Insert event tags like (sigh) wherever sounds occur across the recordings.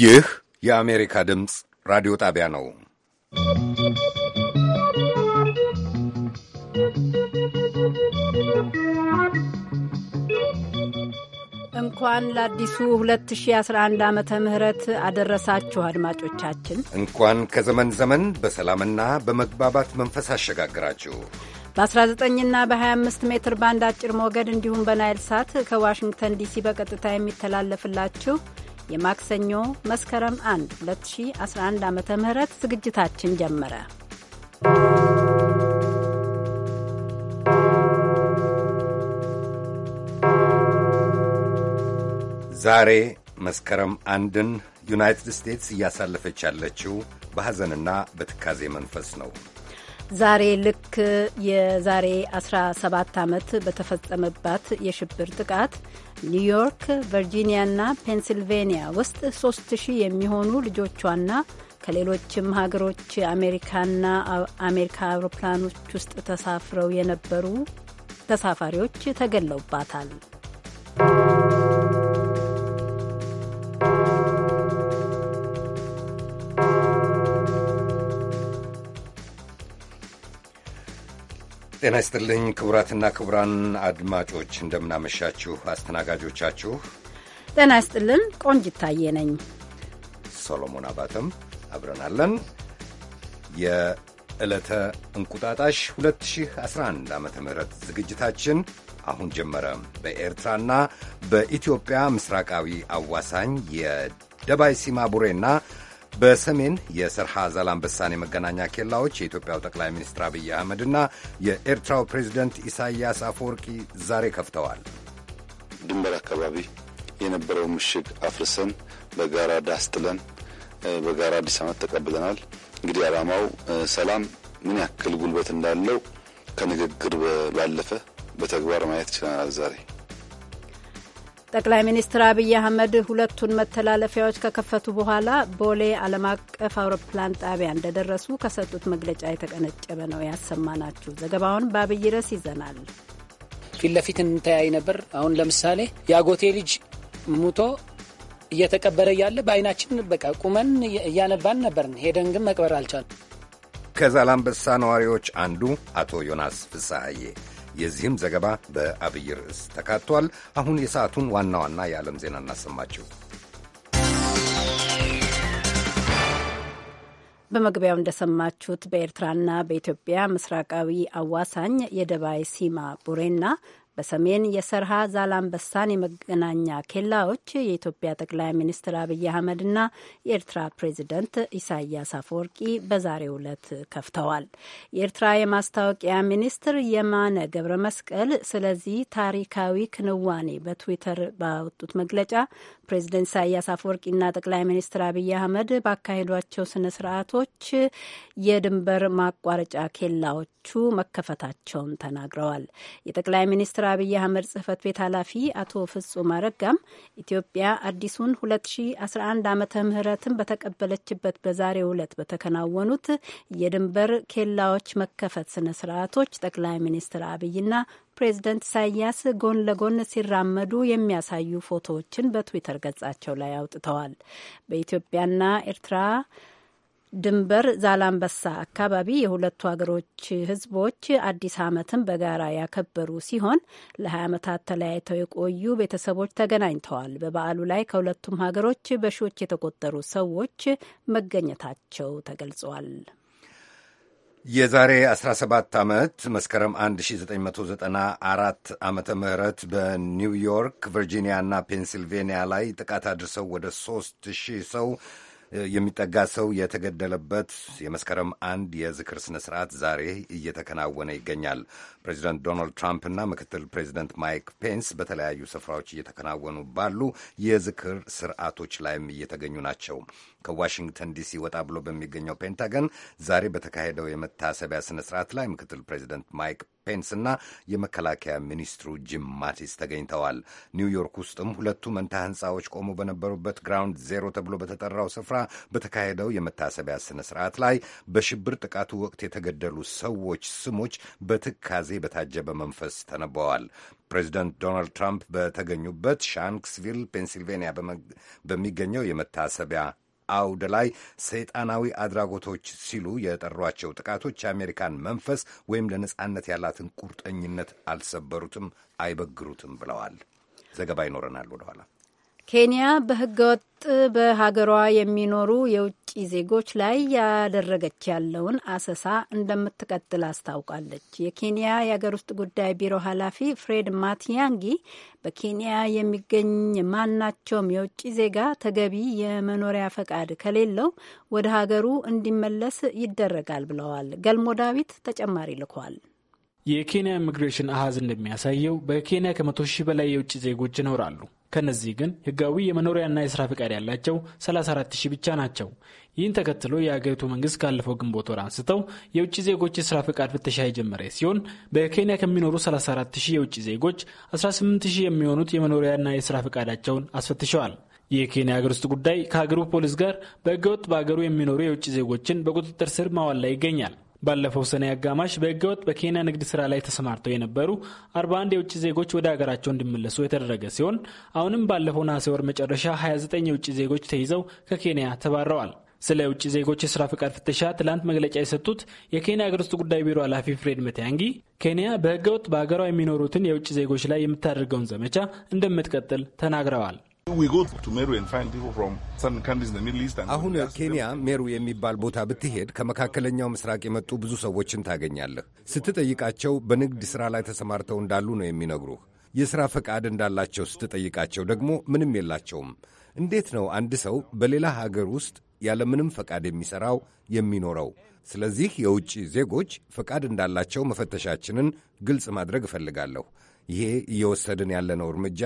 ይህ የአሜሪካ ድምፅ ራዲዮ ጣቢያ ነው። እንኳን ለአዲሱ 2011 ዓመተ ምህረት አደረሳችሁ አድማጮቻችን። እንኳን ከዘመን ዘመን በሰላምና በመግባባት መንፈስ አሸጋግራችሁ በ19ና በ25 ሜትር ባንድ አጭር ሞገድ እንዲሁም በናይል ሳት ከዋሽንግተን ዲሲ በቀጥታ የሚተላለፍላችሁ የማክሰኞ መስከረም 1 2011 ዓ ም ዝግጅታችን ጀመረ። ዛሬ መስከረም አንድን ዩናይትድ ስቴትስ እያሳለፈች ያለችው በሐዘንና በትካዜ መንፈስ ነው። ዛሬ ልክ የዛሬ 17 ዓመት በተፈጸመባት የሽብር ጥቃት ኒውዮርክ፣ ቨርጂኒያና ፔንስልቬንያ ውስጥ ሺህ የሚሆኑ ልጆቿና ከሌሎችም ሀገሮች አሜሪካና አሜሪካ አውሮፕላኖች ውስጥ ተሳፍረው የነበሩ ተሳፋሪዎች ተገለውባታል። ጤና ይስጥልኝ ክቡራትና ክቡራን አድማጮች እንደምናመሻችሁ። አስተናጋጆቻችሁ ጤና ይስጥልን ቆንጅ ይታየ ነኝ። ሶሎሞን አባተም አብረናለን። የዕለተ እንቁጣጣሽ 2011 ዓ ም ዝግጅታችን አሁን ጀመረ። በኤርትራና በኢትዮጵያ ምስራቃዊ አዋሳኝ የደባይ ሲማቡሬና በሰሜን ዘላም ዘላንበሳን የመገናኛ ኬላዎች የኢትዮጵያው ጠቅላይ ሚኒስትር አብይ አህመድና የኤርትራው ፕሬዚደንት ኢሳያስ አፈወርቂ ዛሬ ከፍተዋል። ድንበር አካባቢ የነበረው ምሽግ አፍርሰን በጋራ ዳስጥለን በጋራ አዲስ ዓመት ተቀብለናል። እንግዲህ ዓላማው ሰላም ምን ያክል ጉልበት እንዳለው ከንግግር ባለፈ በተግባር ማየት ችለናል ዛሬ ጠቅላይ ሚኒስትር አብይ አህመድ ሁለቱን መተላለፊያዎች ከከፈቱ በኋላ ቦሌ ዓለም አቀፍ አውሮፕላን ጣቢያ እንደደረሱ ከሰጡት መግለጫ የተቀነጨበ ነው ያሰማናችሁ። ዘገባውን በአብይ ርዕስ ይዘናል። ፊት ለፊት እንተያይ ነበር። አሁን ለምሳሌ የአጎቴ ልጅ ሙቶ እየተቀበረ እያለ በአይናችን በቃ ቁመን እያነባን ነበርን። ሄደን ግን መቅበር አልቻል ከዛላምበሳ ነዋሪዎች አንዱ አቶ ዮናስ ፍሳሐዬ የዚህም ዘገባ በአብይ ርዕስ ተካቷል። አሁን የሰዓቱን ዋና ዋና የዓለም ዜና እናሰማችሁ። በመግቢያው እንደሰማችሁት በኤርትራና በኢትዮጵያ ምስራቃዊ አዋሳኝ የደባይ ሲማ ቡሬና በሰሜን የሰርሃ ዛላምበሳን የመገናኛ ኬላዎች የኢትዮጵያ ጠቅላይ ሚኒስትር አብይ አህመድና የኤርትራ ፕሬዚደንት ኢሳያስ አፈወርቂ በዛሬው ዕለት ከፍተዋል። የኤርትራ የማስታወቂያ ሚኒስትር የማነ ገብረ መስቀል ስለዚህ ታሪካዊ ክንዋኔ በትዊተር ባወጡት መግለጫ ፕሬዚደንት ኢሳያስ አፈወርቂና ጠቅላይ ሚኒስትር አብይ አህመድ ባካሄዷቸው ስነ ስርዓቶች የድንበር ማቋረጫ ኬላዎቹ መከፈታቸውን ተናግረዋል። የጠቅላይ ሚኒስትር አብይ አህመድ ጽህፈት ቤት ኃላፊ አቶ ፍጹም አረጋም ኢትዮጵያ አዲሱን 2011 ዓመተ ምህረትን በተቀበለችበት በዛሬው ዕለት በተከናወኑት የድንበር ኬላዎች መከፈት ስነ ስርዓቶች ጠቅላይ ሚኒስትር አብይና ፕሬዚደንት ኢሳያስ ጎን ለጎን ሲራመዱ የሚያሳዩ ፎቶዎችን በትዊተር ገጻቸው ላይ አውጥተዋል። በኢትዮጵያና ኤርትራ ድንበር ዛላምበሳ አካባቢ የሁለቱ ሀገሮች ህዝቦች አዲስ ዓመትን በጋራ ያከበሩ ሲሆን ለ20 ዓመታት ተለያይተው የቆዩ ቤተሰቦች ተገናኝተዋል። በበዓሉ ላይ ከሁለቱም ሀገሮች በሺዎች የተቆጠሩ ሰዎች መገኘታቸው ተገልጿል። የዛሬ 17 ዓመት መስከረም 1994 ዓመተ ምህረት በኒውዮርክ ቨርጂኒያና ፔንሲልቬንያ ላይ ጥቃት አድርሰው ወደ 3000 ሰው የሚጠጋ ሰው የተገደለበት የመስከረም አንድ የዝክር ስነ ስርዓት ዛሬ እየተከናወነ ይገኛል። ፕሬዚደንት ዶናልድ ትራምፕና ምክትል ፕሬዚደንት ማይክ ፔንስ በተለያዩ ስፍራዎች እየተከናወኑ ባሉ የዝክር ስርዓቶች ላይም እየተገኙ ናቸው። ከዋሽንግተን ዲሲ ወጣ ብሎ በሚገኘው ፔንታገን ዛሬ በተካሄደው የመታሰቢያ ስነ ስርዓት ላይ ምክትል ፕሬዚደንት ማይክ ፔንስና የመከላከያ ሚኒስትሩ ጂም ማቲስ ተገኝተዋል። ኒውዮርክ ውስጥም ሁለቱ መንታ ህንፃዎች ቆሞ በነበሩበት ግራውንድ ዜሮ ተብሎ በተጠራው ስፍራ በተካሄደው የመታሰቢያ ስነ ስርዓት ላይ በሽብር ጥቃቱ ወቅት የተገደሉ ሰዎች ስሞች በትካዜ በታጀበ መንፈስ ተነበዋል። ፕሬዚደንት ዶናልድ ትራምፕ በተገኙበት ሻንክስቪል ፔንሲልቬንያ በሚገኘው የመታሰቢያ አውድ ላይ ሰይጣናዊ አድራጎቶች ሲሉ የጠሯቸው ጥቃቶች የአሜሪካን መንፈስ ወይም ለነጻነት ያላትን ቁርጠኝነት አልሰበሩትም፣ አይበግሩትም ብለዋል። ዘገባ ይኖረናል ወደኋላ ኬንያ በህገወጥ በሀገሯ የሚኖሩ የውጭ ዜጎች ላይ ያደረገች ያለውን አሰሳ እንደምትቀጥል አስታውቃለች። የኬንያ የሀገር ውስጥ ጉዳይ ቢሮ ኃላፊ ፍሬድ ማቲያንጊ በኬንያ የሚገኝ ማናቸውም የውጭ ዜጋ ተገቢ የመኖሪያ ፈቃድ ከሌለው ወደ ሀገሩ እንዲመለስ ይደረጋል ብለዋል። ገልሞ ዳዊት ተጨማሪ ልኳል። የኬንያ ኢሚግሬሽን አሃዝ እንደሚያሳየው በኬንያ ከመቶ ሺህ በላይ የውጭ ዜጎች ይኖራሉ። ከነዚህ ግን ህጋዊ የመኖሪያና የስራ ፈቃድ ያላቸው 34 ሺህ ብቻ ናቸው። ይህን ተከትሎ የአገሪቱ መንግስት ካለፈው ግንቦት ወር አንስተው የውጭ ዜጎች የስራ ፍቃድ ፍተሻ የጀመረ ሲሆን በኬንያ ከሚኖሩ 34 ሺህ የውጭ ዜጎች 18 ሺህ የሚሆኑት የመኖሪያና የስራ ፈቃዳቸውን አስፈትሸዋል። የኬንያ ሀገር ውስጥ ጉዳይ ከሀገሩ ፖሊስ ጋር በህገወጥ በሀገሩ የሚኖሩ የውጭ ዜጎችን በቁጥጥር ስር ማዋል ላይ ይገኛል። ባለፈው ሰኔ አጋማሽ በህገወጥ በኬንያ ንግድ ስራ ላይ ተሰማርተው የነበሩ 41 የውጭ ዜጎች ወደ ሀገራቸው እንዲመለሱ የተደረገ ሲሆን አሁንም ባለፈው ነሐሴ ወር መጨረሻ 29 የውጭ ዜጎች ተይዘው ከኬንያ ተባረዋል። ስለ ውጭ ዜጎች የስራ ፍቃድ ፍተሻ ትላንት መግለጫ የሰጡት የኬንያ ሀገር ውስጥ ጉዳይ ቢሮ ኃላፊ ፍሬድ መቲያንጊ ኬንያ በህገወጥ በሀገሯ የሚኖሩትን የውጭ ዜጎች ላይ የምታደርገውን ዘመቻ እንደምትቀጥል ተናግረዋል። አሁን ኬንያ ሜሩ የሚባል ቦታ ብትሄድ ከመካከለኛው ምስራቅ የመጡ ብዙ ሰዎችን ታገኛለህ። ስትጠይቃቸው በንግድ ሥራ ላይ ተሰማርተው እንዳሉ ነው የሚነግሩህ። የሥራ ፈቃድ እንዳላቸው ስትጠይቃቸው ደግሞ ምንም የላቸውም። እንዴት ነው አንድ ሰው በሌላ ሀገር ውስጥ ያለምንም ፈቃድ የሚሠራው የሚኖረው? ስለዚህ የውጭ ዜጎች ፈቃድ እንዳላቸው መፈተሻችንን ግልጽ ማድረግ እፈልጋለሁ። ይሄ እየወሰድን ያለነው እርምጃ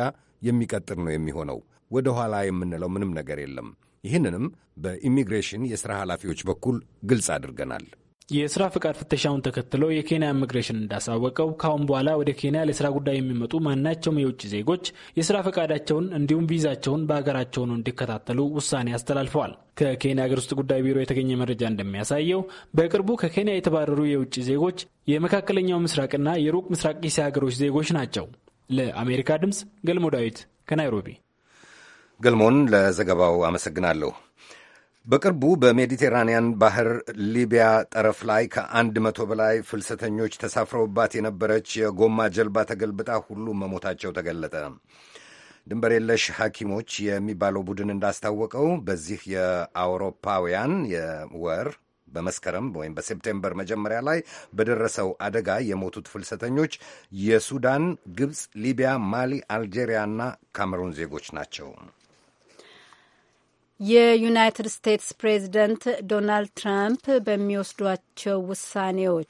የሚቀጥል ነው የሚሆነው ወደ ኋላ የምንለው ምንም ነገር የለም። ይህንንም በኢሚግሬሽን የሥራ ኃላፊዎች በኩል ግልጽ አድርገናል። የስራ ፍቃድ ፍተሻውን ተከትሎ የኬንያ ኢሚግሬሽን እንዳሳወቀው ካሁን በኋላ ወደ ኬንያ ለስራ ጉዳይ የሚመጡ ማናቸውም የውጭ ዜጎች የስራ ፈቃዳቸውን እንዲሁም ቪዛቸውን በሀገራቸው ነው እንዲከታተሉ ውሳኔ አስተላልፈዋል። ከኬንያ አገር ውስጥ ጉዳይ ቢሮ የተገኘ መረጃ እንደሚያሳየው በቅርቡ ከኬንያ የተባረሩ የውጭ ዜጎች የመካከለኛው ምስራቅና የሩቅ ምስራቅ እስያ ሀገሮች ዜጎች ናቸው። ለአሜሪካ ድምፅ ገልሞ ዳዊት ከናይሮቢ ገልሞን ለዘገባው አመሰግናለሁ። በቅርቡ በሜዲቴራንያን ባህር ሊቢያ ጠረፍ ላይ ከአንድ መቶ በላይ ፍልሰተኞች ተሳፍረውባት የነበረች የጎማ ጀልባ ተገልብጣ ሁሉም መሞታቸው ተገለጠ። ድንበር የለሽ ሐኪሞች የሚባለው ቡድን እንዳስታወቀው በዚህ የአውሮፓውያን የወር በመስከረም ወይም በሴፕቴምበር መጀመሪያ ላይ በደረሰው አደጋ የሞቱት ፍልሰተኞች የሱዳን፣ ግብፅ፣ ሊቢያ፣ ማሊ፣ አልጄሪያና ካሜሩን ዜጎች ናቸው። የዩናይትድ ስቴትስ ፕሬዚደንት ዶናልድ ትራምፕ በሚወስዷቸው ውሳኔዎች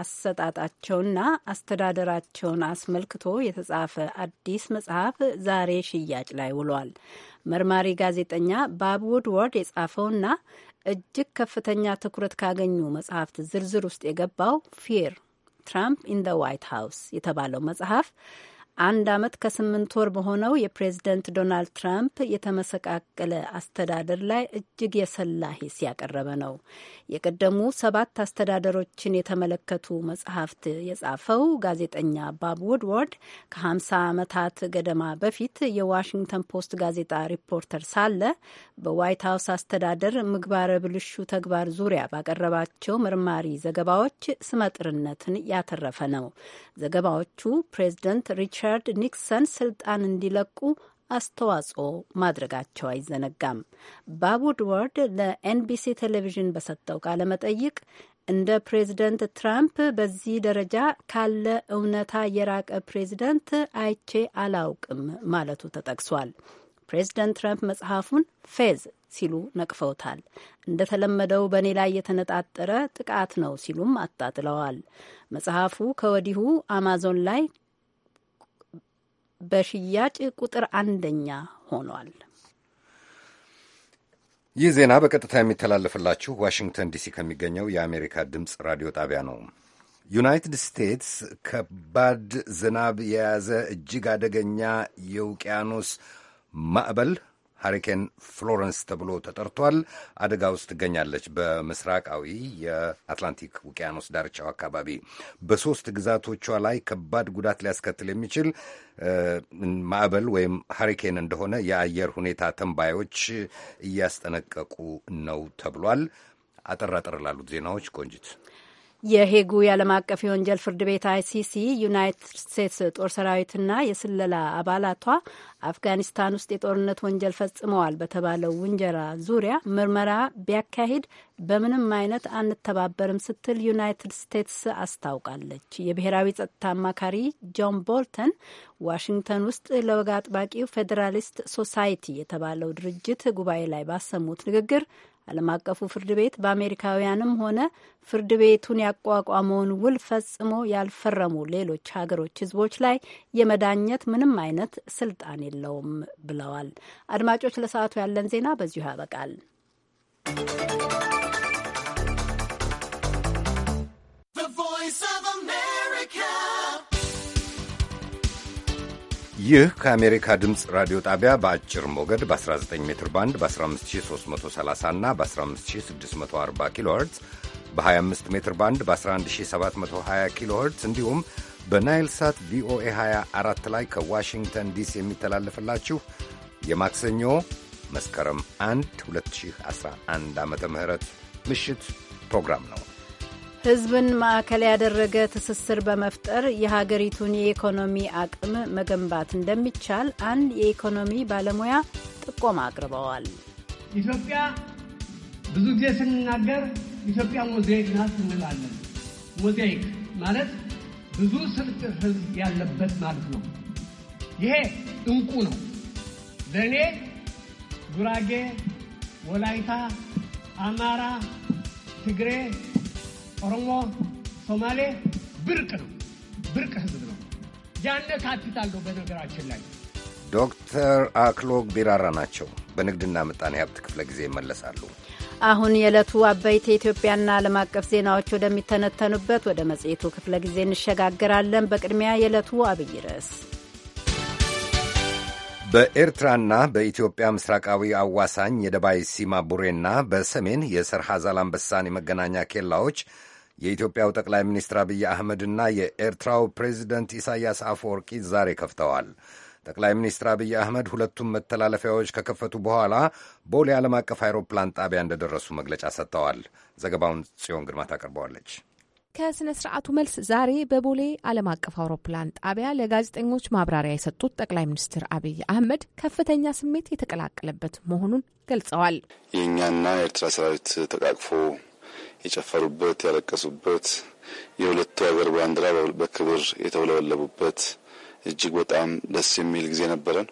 አሰጣጣቸውና አስተዳደራቸውን አስመልክቶ የተጻፈ አዲስ መጽሐፍ ዛሬ ሽያጭ ላይ ውሏል። መርማሪ ጋዜጠኛ ባብ ውድወርድ የጻፈውና እጅግ ከፍተኛ ትኩረት ካገኙ መጽሐፍት ዝርዝር ውስጥ የገባው ፊር ትራምፕ ኢን ዋይት ሀውስ የተባለው መጽሐፍ አንድ ዓመት ከስምንት ወር በሆነው የፕሬዝደንት ዶናልድ ትራምፕ የተመሰቃቀለ አስተዳደር ላይ እጅግ የሰላ ሂስ ያቀረበ ነው። የቀደሙ ሰባት አስተዳደሮችን የተመለከቱ መጽሐፍት የጻፈው ጋዜጠኛ ባብ ውድወርድ ከ50 ዓመታት ገደማ በፊት የዋሽንግተን ፖስት ጋዜጣ ሪፖርተር ሳለ በዋይት ሀውስ አስተዳደር ምግባረ ብልሹ ተግባር ዙሪያ ባቀረባቸው መርማሪ ዘገባዎች ስመጥርነትን ያተረፈ ነው። ዘገባዎቹ ፕሬዝደንት ሪች ሪቻርድ ኒክሰን ስልጣን እንዲለቁ አስተዋጽኦ ማድረጋቸው አይዘነጋም። ባብ ውድወርድ ለኤንቢሲ ቴሌቪዥን በሰጠው ቃለ መጠይቅ እንደ ፕሬዝደንት ትራምፕ በዚህ ደረጃ ካለ እውነታ የራቀ ፕሬዝደንት አይቼ አላውቅም ማለቱ ተጠቅሷል። ፕሬዝደንት ትራምፕ መጽሐፉን ፌዝ ሲሉ ነቅፈውታል። እንደተለመደው በእኔ ላይ የተነጣጠረ ጥቃት ነው ሲሉም አጣጥለዋል። መጽሐፉ ከወዲሁ አማዞን ላይ በሽያጭ ቁጥር አንደኛ ሆኗል። ይህ ዜና በቀጥታ የሚተላለፍላችሁ ዋሽንግተን ዲሲ ከሚገኘው የአሜሪካ ድምፅ ራዲዮ ጣቢያ ነው። ዩናይትድ ስቴትስ ከባድ ዝናብ የያዘ እጅግ አደገኛ የውቅያኖስ ማዕበል ሃሪኬን ፍሎረንስ ተብሎ ተጠርቷል። አደጋ ውስጥ ትገኛለች። በምስራቃዊ የአትላንቲክ ውቅያኖስ ዳርቻው አካባቢ በሶስት ግዛቶቿ ላይ ከባድ ጉዳት ሊያስከትል የሚችል ማዕበል ወይም ሃሪኬን እንደሆነ የአየር ሁኔታ ተንባዮች እያስጠነቀቁ ነው ተብሏል። አጠር አጠር ላሉት ዜናዎች ቆንጅት የሄጉ የዓለም አቀፍ የወንጀል ፍርድ ቤት አይሲሲ ዩናይትድ ስቴትስ ጦር ሰራዊትና የስለላ አባላቷ አፍጋኒስታን ውስጥ የጦርነት ወንጀል ፈጽመዋል በተባለው ውንጀራ ዙሪያ ምርመራ ቢያካሂድ በምንም አይነት አንተባበርም ስትል ዩናይትድ ስቴትስ አስታውቃለች። የብሔራዊ ጸጥታ አማካሪ ጆን ቦልተን ዋሽንግተን ውስጥ ለወግ አጥባቂው ፌዴራሊስት ሶሳይቲ የተባለው ድርጅት ጉባኤ ላይ ባሰሙት ንግግር ዓለም አቀፉ ፍርድ ቤት በአሜሪካውያንም ሆነ ፍርድ ቤቱን ያቋቋመውን ውል ፈጽሞ ያልፈረሙ ሌሎች ሀገሮች ህዝቦች ላይ የመዳኘት ምንም አይነት ስልጣን የለውም ብለዋል። አድማጮች፣ ለሰዓቱ ያለን ዜና በዚሁ ያበቃል። ይህ ከአሜሪካ ድምፅ ራዲዮ ጣቢያ በአጭር ሞገድ በ19 ሜትር ባንድ በ15330 እና በ15640 ኪሎ ኸርትዝ በ25 ሜትር ባንድ በ11720 ኪሎ ኸርትዝ እንዲሁም በናይል ሳት ቪኦኤ 24 ላይ ከዋሽንግተን ዲሲ የሚተላለፍላችሁ የማክሰኞ መስከረም 1 2011 ዓ ም ምሽት ፕሮግራም ነው። ህዝብን ማዕከል ያደረገ ትስስር በመፍጠር የሀገሪቱን የኢኮኖሚ አቅም መገንባት እንደሚቻል አንድ የኢኮኖሚ ባለሙያ ጥቆማ አቅርበዋል። ኢትዮጵያ ብዙ ጊዜ ስንናገር ኢትዮጵያ ሞዛይክ ናት እንላለን። ሞዛይክ ማለት ብዙ ስልት ህዝብ ያለበት ማለት ነው። ይሄ እንቁ ነው። ለእኔ ጉራጌ፣ ወላይታ፣ አማራ፣ ትግሬ ኦሮሞ፣ ሶማሌ ብርቅ ነው፣ ብርቅ ህዝብ ነው። ካፒታል ነው። በነገራችን ላይ ዶክተር አክሎግ ቢራራ ናቸው። በንግድና ምጣኔ ሀብት ክፍለ ጊዜ ይመለሳሉ። አሁን የዕለቱ አበይት የኢትዮጵያና ዓለም አቀፍ ዜናዎች ወደሚተነተኑበት ወደ መጽሔቱ ክፍለ ጊዜ እንሸጋግራለን። በቅድሚያ የዕለቱ አብይ ርዕስ በኤርትራና በኢትዮጵያ ምስራቃዊ አዋሳኝ የደባይ ሲማ ቡሬና በሰሜን የሰርሐ ዛላምበሳን የመገናኛ ኬላዎች የኢትዮጵያው ጠቅላይ ሚኒስትር አብይ አህመድና የኤርትራው ፕሬዚደንት ኢሳያስ አፈወርቂ ዛሬ ከፍተዋል። ጠቅላይ ሚኒስትር አብይ አህመድ ሁለቱም መተላለፊያዎች ከከፈቱ በኋላ ቦሌ ዓለም አቀፍ አይሮፕላን ጣቢያ እንደደረሱ መግለጫ ሰጥተዋል። ዘገባውን ጽዮን ግርማ ታቀርበዋለች። ከስነ ስርዓቱ መልስ ዛሬ በቦሌ ዓለም አቀፍ አውሮፕላን ጣቢያ ለጋዜጠኞች ማብራሪያ የሰጡት ጠቅላይ ሚኒስትር አብይ አህመድ ከፍተኛ ስሜት የተቀላቀለበት መሆኑን ገልጸዋል። የእኛና የኤርትራ ሰራዊት ተቃቅፎ የጨፈሩበት፣ ያለቀሱበት የሁለቱ ሀገር ባንዲራ በክብር የተውለበለቡበት እጅግ በጣም ደስ የሚል ጊዜ ነበረን።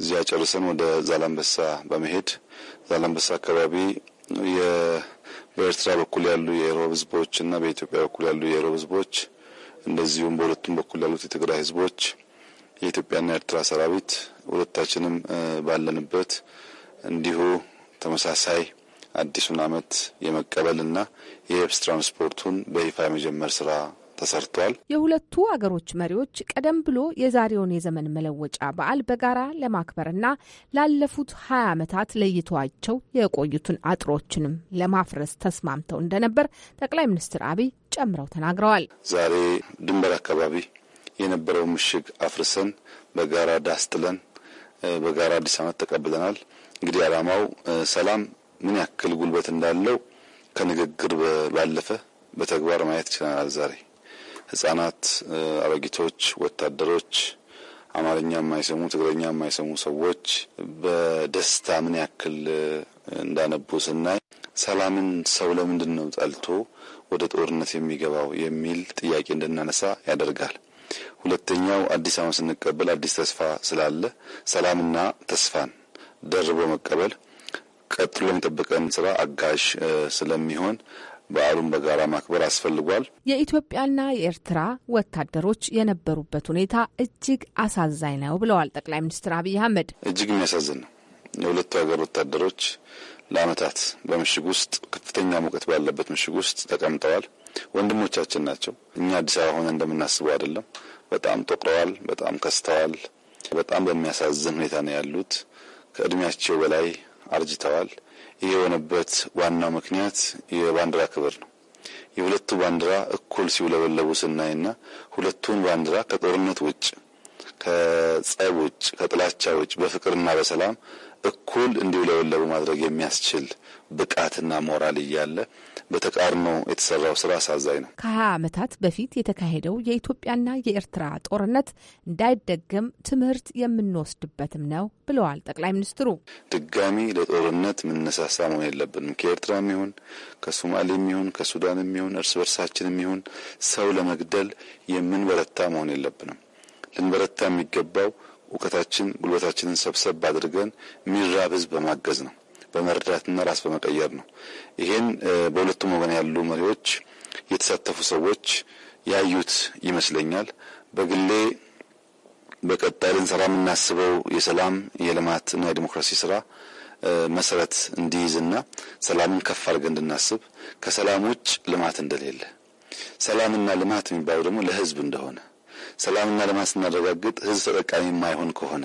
እዚያ ጨርሰን ወደ ዛላንበሳ በመሄድ ዛላንበሳ አካባቢ በኤርትራ በኩል ያሉ የኢሮብ ሕዝቦች እና በኢትዮጵያ በኩል ያሉ የኢሮብ ህዝቦች እንደዚሁም በሁለቱም በኩል ያሉት የትግራይ ህዝቦች የኢትዮጵያና የኤርትራ ሰራዊት ሁለታችንም ባለንበት እንዲሁ ተመሳሳይ አዲሱን ዓመት የመቀበልና የየብስ ትራንስፖርቱን በይፋ የመጀመር ስራ ተሰርቷል። የሁለቱ አገሮች መሪዎች ቀደም ብሎ የዛሬውን የዘመን መለወጫ በዓል በጋራ ለማክበርና ላለፉት ሀያ ዓመታት ለይተዋቸው የቆዩትን አጥሮችንም ለማፍረስ ተስማምተው እንደነበር ጠቅላይ ሚኒስትር አብይ ጨምረው ተናግረዋል። ዛሬ ድንበር አካባቢ የነበረው ምሽግ አፍርሰን በጋራ ዳስጥለን በጋራ አዲስ ዓመት ተቀብለናል። እንግዲህ ዓላማው ሰላም ምን ያክል ጉልበት እንዳለው ከንግግር ባለፈ በተግባር ማየት ይችላል። ዛሬ ህጻናት፣ አሮጊቶች፣ ወታደሮች፣ አማርኛ የማይሰሙ ትግረኛ የማይሰሙ ሰዎች በደስታ ምን ያክል እንዳነቡ ስናይ ሰላምን ሰው ለምንድን ነው ጠልቶ ወደ ጦርነት የሚገባው የሚል ጥያቄ እንድናነሳ ያደርጋል። ሁለተኛው አዲስ አመት ስንቀበል አዲስ ተስፋ ስላለ ሰላምና ተስፋን ደርቦ መቀበል ቀጥሎ የሚጠብቀን ስራ አጋዥ ስለሚሆን በዓሉን በጋራ ማክበር አስፈልጓል። የኢትዮጵያና የኤርትራ ወታደሮች የነበሩበት ሁኔታ እጅግ አሳዛኝ ነው ብለዋል ጠቅላይ ሚኒስትር አብይ አህመድ። እጅግ የሚያሳዝን ነው። የሁለቱ ሀገር ወታደሮች ለአመታት በምሽግ ውስጥ ከፍተኛ ሙቀት ባለበት ምሽግ ውስጥ ተቀምጠዋል። ወንድሞቻችን ናቸው። እኛ አዲስ አበባ ሆነ እንደምናስበው አይደለም። በጣም ጦቅረዋል። በጣም ከስተዋል። በጣም በሚያሳዝን ሁኔታ ነው ያሉት። ከእድሜያቸው በላይ አርጅተዋል። ይህ የሆነበት ዋናው ምክንያት የባንዲራ ክብር ነው። የሁለቱ ባንዲራ እኩል ሲውለበለቡ ስናይና ሁለቱን ባንዲራ ከጦርነት ውጭ ከጸብ ውጭ ከጥላቻ ውጭ በፍቅርና በሰላም እኩል እንዲውለበለቡ ማድረግ የሚያስችል ብቃትና ሞራል እያለ በተቃርኖ የተሰራው ስራ አሳዛኝ ነው። ከሀያ ዓመታት በፊት የተካሄደው የኢትዮጵያና የኤርትራ ጦርነት እንዳይደገም ትምህርት የምንወስድበትም ነው ብለዋል ጠቅላይ ሚኒስትሩ። ድጋሚ ለጦርነት ምንነሳሳ መሆን የለብንም። ከኤርትራም ይሁን ከሶማሌም ይሁን ከሱዳንም ይሁን እርስ በርሳችንም ይሁን ሰው ለመግደል የምንበረታ መሆን የለብንም። ልንበረታ የሚገባው እውቀታችን፣ ጉልበታችንን ሰብሰብ አድርገን ሚራብ ህዝብ በማገዝ ነው፣ በመርዳትና ራስ በመቀየር ነው። ይሄን በሁለቱም ወገን ያሉ መሪዎች፣ የተሳተፉ ሰዎች ያዩት ይመስለኛል። በግሌ በቀጣይ ልንሰራ የምናስበው የሰላም የልማትና የዲሞክራሲ ስራ መሰረት እንዲይዝና ሰላምን ከፍ አድርገን እንድናስብ ከሰላም ውጭ ልማት እንደሌለ ሰላምና ልማት የሚባለው ደግሞ ለህዝብ እንደሆነ ሰላምና ልማት ስናረጋግጥ ህዝብ ተጠቃሚ የማይሆን ከሆነ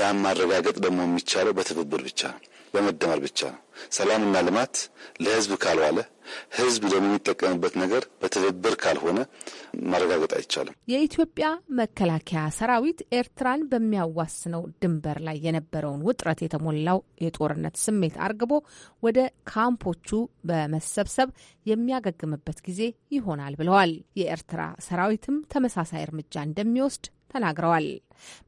ያም ማረጋገጥ ደግሞ የሚቻለው በትብብር ብቻ ነው። በመደመር ብቻ ነው። ሰላምና ልማት ለህዝብ ካልዋለ ህዝብ ደግሞ የሚጠቀምበት ነገር በትብብር ካልሆነ ማረጋገጥ አይቻልም። የኢትዮጵያ መከላከያ ሰራዊት ኤርትራን በሚያዋስነው ድንበር ላይ የነበረውን ውጥረት የተሞላው የጦርነት ስሜት አርግቦ ወደ ካምፖቹ በመሰብሰብ የሚያገግምበት ጊዜ ይሆናል ብለዋል። የኤርትራ ሰራዊትም ተመሳሳይ እርምጃ እንደሚወስድ ተናግረዋል።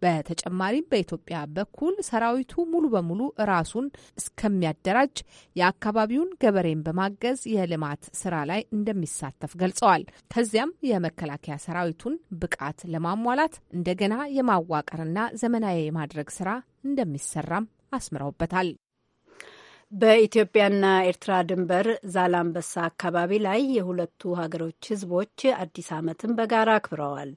በተጨማሪም በኢትዮጵያ በኩል ሰራዊቱ ሙሉ በሙሉ ራሱን እስከሚያደራጅ የአካባቢውን ገበሬን በማገዝ የልማት ስራ ላይ እንደሚሳተፍ ገልጸዋል። ከዚያም የመከላከያ ሰራዊቱን ብቃት ለማሟላት እንደገና የማዋቀርና ዘመናዊ የማድረግ ስራ እንደሚሰራም አስምረውበታል። በኢትዮጵያና ኤርትራ ድንበር ዛላምበሳ አካባቢ ላይ የሁለቱ ሀገሮች ህዝቦች አዲስ ዓመትን በጋራ አክብረዋል።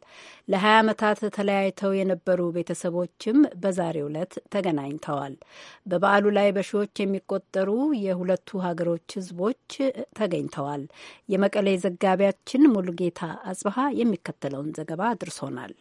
ለ20 ዓመታት ተለያይተው የነበሩ ቤተሰቦችም በዛሬ ዕለት ተገናኝተዋል። በበዓሉ ላይ በሺዎች የሚቆጠሩ የሁለቱ ሀገሮች ህዝቦች ተገኝተዋል። የመቀሌ ዘጋቢያችን ሙሉጌታ አጽብሃ የሚከተለውን ዘገባ አድርሶናል።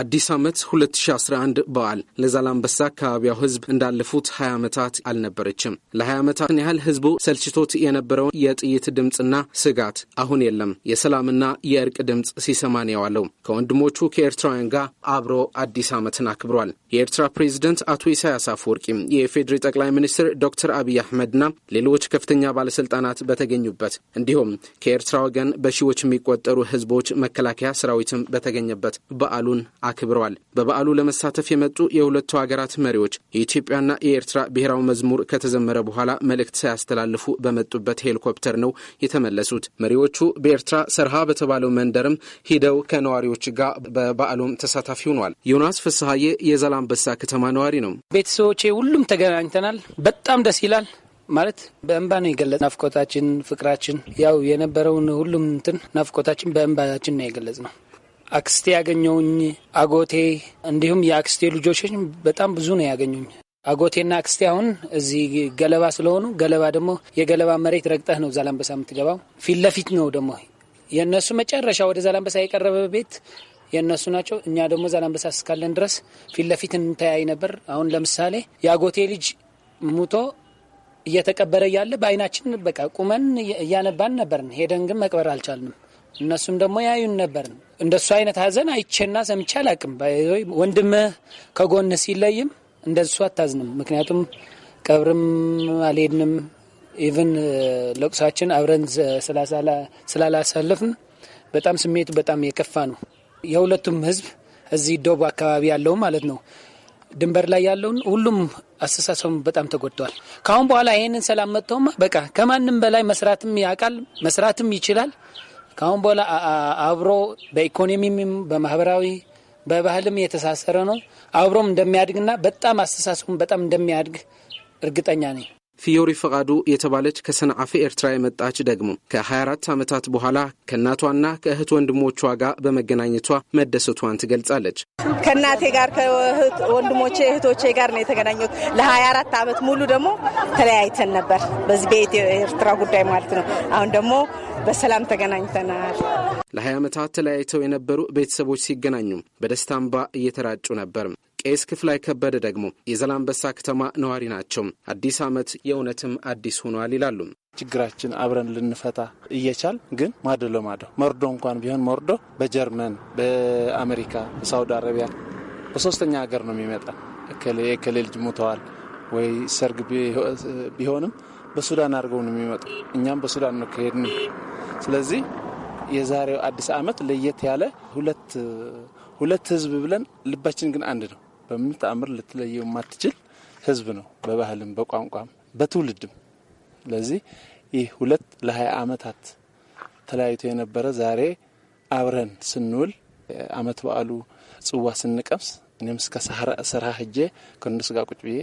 አዲስ ዓመት 2011 በዓል ለዛላምበሳ አካባቢያው ህዝብ እንዳለፉት 20 ዓመታት አልነበረችም። ለ20 ዓመታት ያህል ህዝቡ ሰልችቶት የነበረውን የጥይት ድምፅና ስጋት አሁን የለም። የሰላምና የእርቅ ድምፅ ሲሰማን የዋለው ከወንድሞቹ ከኤርትራውያን ጋር አብሮ አዲስ ዓመትን አክብሯል። የኤርትራ ፕሬዚደንት አቶ ኢሳያስ አፈወርቂም የኢፌዴሪ ጠቅላይ ሚኒስትር ዶክተር አብይ አህመድና ሌሎች ከፍተኛ ባለስልጣናት በተገኙበት እንዲሁም ከኤርትራ ወገን በሺዎች የሚቆጠሩ ህዝቦች መከላከያ ሰራዊትም በተገኘበት በዓሉን አክብረዋል። በበዓሉ ለመሳተፍ የመጡ የሁለቱ ሀገራት መሪዎች የኢትዮጵያና የኤርትራ ብሔራዊ መዝሙር ከተዘመረ በኋላ መልእክት ሳያስተላልፉ በመጡበት ሄሊኮፕተር ነው የተመለሱት። መሪዎቹ በኤርትራ ሰርሃ በተባለው መንደርም ሂደው ከነዋሪዎች ጋር በበዓሉም ተሳታፊ ሆኗል። ዮናስ ፍስሀዬ የዛላምበሳ ከተማ ነዋሪ ነው። ቤተሰቦቼ ሁሉም ተገናኝተናል። በጣም ደስ ይላል። ማለት በእንባ ነው የገለጽ ናፍቆታችን፣ ፍቅራችን ያው የነበረውን ሁሉም እንትን ናፍቆታችን በእንባችን ነው የገለጽ ነው። አክስቴ ያገኘውኝ አጎቴ፣ እንዲሁም የአክስቴ ልጆች በጣም ብዙ ነው ያገኙኝ። አጎቴና አክስቴ አሁን እዚህ ገለባ ስለሆኑ ገለባ ደግሞ የገለባ መሬት ረግጠህ ነው ዛላንበሳ የምትገባው። ፊት ለፊት ነው ደግሞ የእነሱ መጨረሻ ወደ ዛላንበሳ የቀረበ ቤት የእነሱ ናቸው። እኛ ደግሞ ዛላንበሳ እስካለን ድረስ ፊት ለፊት እንተያይ ነበር። አሁን ለምሳሌ የአጎቴ ልጅ ሙቶ እየተቀበረ እያለ በአይናችን በቃ ቁመን እያነባን ነበርን። ሄደን ግን መቅበር አልቻልንም። እነሱም ደግሞ ያዩን ነበር። እንደሱ አይነት ሀዘን አይቼና ሰምቼ አላቅም። ወንድምህ ከጎን ሲለይም እንደሱ አታዝንም። ምክንያቱም ቀብርም አልሄድንም። ኢቭን ለቅሳችን አብረን ስላላሳለፍን በጣም ስሜቱ በጣም የከፋ ነው። የሁለቱም ህዝብ እዚህ ዶቦ አካባቢ ያለው ማለት ነው ድንበር ላይ ያለውን ሁሉም አስተሳሰቡ በጣም ተጎድተዋል። ከአሁን በኋላ ይህንን ሰላም መጥተውማ በቃ ከማንም በላይ መስራትም ያውቃል መስራትም ይችላል ከአሁን በኋላ አብሮ በኢኮኖሚም በማህበራዊ በባህልም የተሳሰረ ነው። አብሮም እንደሚያድግና በጣም አስተሳሰቡም በጣም እንደሚያድግ እርግጠኛ ነኝ። ፊዮሪ ፈቃዱ የተባለች ከሰንዓፌ ኤርትራ የመጣች ደግሞ ከ24 ዓመታት በኋላ ከእናቷና ከእህት ወንድሞቿ ጋር በመገናኘቷ መደሰቷን ትገልጻለች። ከእናቴ ጋር ከወንድሞቼ እህቶቼ ጋር ነው የተገናኘት ለ ለ24 ዓመት ሙሉ ደግሞ ተለያይተን ነበር፣ በዚህ በኢትዮ ኤርትራ ጉዳይ ማለት ነው። አሁን ደግሞ በሰላም ተገናኝተናል። ለሀያ ዓመታት ተለያይተው የነበሩ ቤተሰቦች ሲገናኙ በደስታ እንባ እየተራጩ ነበር። ቄስ ክፍላይ ከበደ ደግሞ የዘላንበሳ ከተማ ነዋሪ ናቸው። አዲስ ዓመት የእውነትም አዲስ ሆኗል ይላሉ። ችግራችን አብረን ልንፈታ እየቻል ግን ማዶ ለማዶ መርዶ እንኳን ቢሆን መርዶ በጀርመን፣ በአሜሪካ፣ በሳውዲ አረቢያ በሶስተኛ ሀገር ነው የሚመጣ። እከሌ ልጅ ሙተዋል ወይ ሰርግ ቢሆንም በሱዳን አድርገው ነው የሚመጡ። እኛም በሱዳን ነው ከሄድን። ስለዚህ የዛሬው አዲስ አመት ለየት ያለ ሁለት ሁለት ህዝብ ብለን ልባችን ግን አንድ ነው። በምን ተአምር ልትለየው የማትችል ህዝብ ነው፣ በባህልም በቋንቋም በትውልድም። ለዚህ ይህ ሁለት ለሀያ ዓመታት ተለያይቶ የነበረ ዛሬ አብረን ስንውል አመት በዓሉ ጽዋ ስንቀምስ እኔም እስከ ስራ ህጄ ከንዱስ ጋር ቁጭ ብዬ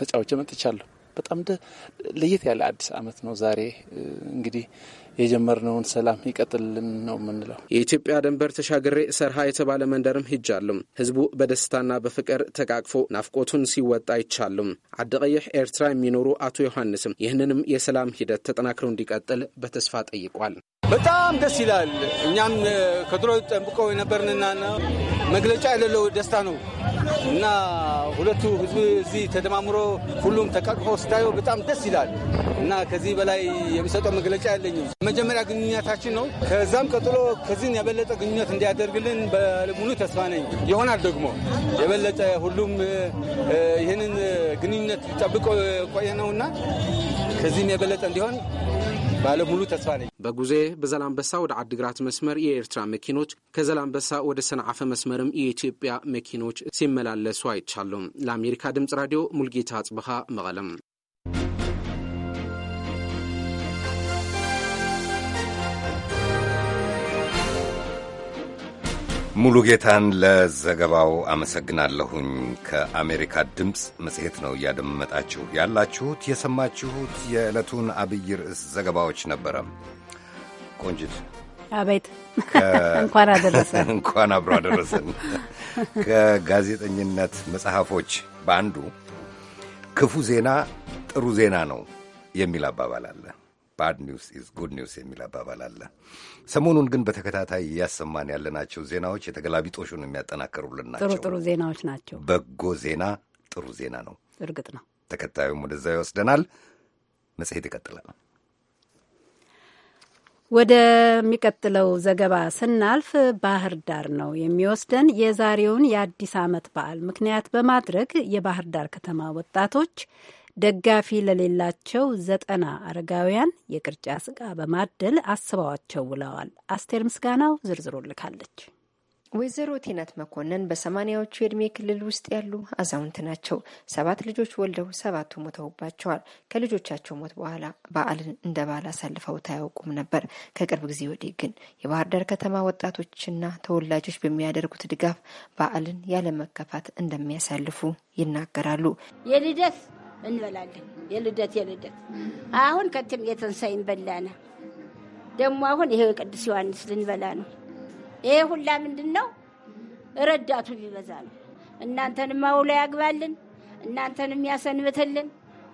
ተጫውቼ መጥቻለሁ። በጣም ለየት ያለ አዲስ ዓመት ነው ዛሬ እንግዲህ የጀመርነውን ሰላም ይቀጥልልን ነው የምንለው። የኢትዮጵያ ድንበር ተሻግሬ ሰርሃ የተባለ መንደርም ሂጃሉም ህዝቡ በደስታና በፍቅር ተቃቅፎ ናፍቆቱን ሲወጣ አይቻሉም። አደቀይሕ ኤርትራ የሚኖሩ አቶ ዮሐንስም ይህንንም የሰላም ሂደት ተጠናክሮ እንዲቀጥል በተስፋ ጠይቋል። በጣም ደስ ይላል። እኛም ከድሮ ጠብቆ የነበርንና መግለጫ የሌለው ደስታ ነው እና ሁለቱ ህዝብ እዚህ ተደማምሮ ሁሉም ተቃቅፎ ስታየው በጣም ደስ ይላል እና ከዚህ በላይ የሚሰጠው መግለጫ ያለኝም መጀመሪያ ግንኙነታችን ነው። ከዛም ቀጥሎ ከዚህን የበለጠ ግንኙነት እንዲያደርግልን በሙሉ ተስፋ ነኝ። ይሆናል ደግሞ የበለጠ ሁሉም ይህንን ግንኙነት ጠብቆ ቆየ ነውና ከዚህም የበለጠ እንዲሆን ባለሙሉ ተስፋ ነኝ። በጉዜ በዘላንበሳ ወደ አድግራት መስመር የኤርትራ መኪኖች፣ ከዘላንበሳ ወደ ሰንዓፈ መስመርም የኢትዮጵያ መኪኖች ሲመላለሱ አይቻሉም። ለአሜሪካ ድምጽ ራዲዮ ሙልጌታ አጽብሃ መቐለም። ሙሉ ጌታን ለዘገባው አመሰግናለሁኝ። ከአሜሪካ ድምፅ መጽሔት ነው እያደመጣችሁ ያላችሁት። የሰማችሁት የዕለቱን አብይ ርዕስ ዘገባዎች ነበረ። ቆንጅት አቤት (laughs) እንኳን አደረሰን (laughs) እንኳን አብሮ አደረሰን። ከጋዜጠኝነት መጽሐፎች በአንዱ ክፉ ዜና ጥሩ ዜና ነው የሚል አባባል አለ። ባድ ኒውስ ኢዝ ጉድ ኒውስ የሚል አባባል አለ። ሰሞኑን ግን በተከታታይ እያሰማን ያለናቸው ዜናዎች የተገላቢጦሹን የሚያጠናከሩልን ናቸው። ጥሩ ጥሩ ዜናዎች ናቸው። በጎ ዜና ጥሩ ዜና ነው። እርግጥ ነው። ተከታዩም ወደዛ ይወስደናል። መጽሔት ይቀጥላል። ወደሚቀጥለው ዘገባ ስናልፍ ባህር ዳር ነው የሚወስደን። የዛሬውን የአዲስ ዓመት በዓል ምክንያት በማድረግ የባህር ዳር ከተማ ወጣቶች ደጋፊ ለሌላቸው ዘጠና አረጋውያን የቅርጫ ስጋ በማደል አስበዋቸው ውለዋል። አስቴር ምስጋናው ዝርዝሩ ልካለች። ወይዘሮ ቴናት መኮንን በሰማኒያዎቹ የእድሜ ክልል ውስጥ ያሉ አዛውንት ናቸው። ሰባት ልጆች ወልደው ሰባቱ ሞተውባቸዋል። ከልጆቻቸው ሞት በኋላ በዓልን እንደ በዓል አሳልፈው አያውቁም ነበር። ከቅርብ ጊዜ ወዲህ ግን የባህር ዳር ከተማ ወጣቶችና ተወላጆች በሚያደርጉት ድጋፍ በዓልን ያለመከፋት እንደሚያሳልፉ ይናገራሉ። የልደት እንበላለን። የልደት የልደት አሁን ከትም እንበላ በላነ ደግሞ አሁን ይሄ ቅዱስ ዮሐንስ ልንበላ ነው ይሄ ሁላ ምንድን ነው? ረዳቱ ቢበዛ ነው። እናንተንም አውሎ ያግባልን፣ እናንተንም ያሰንብትልን፣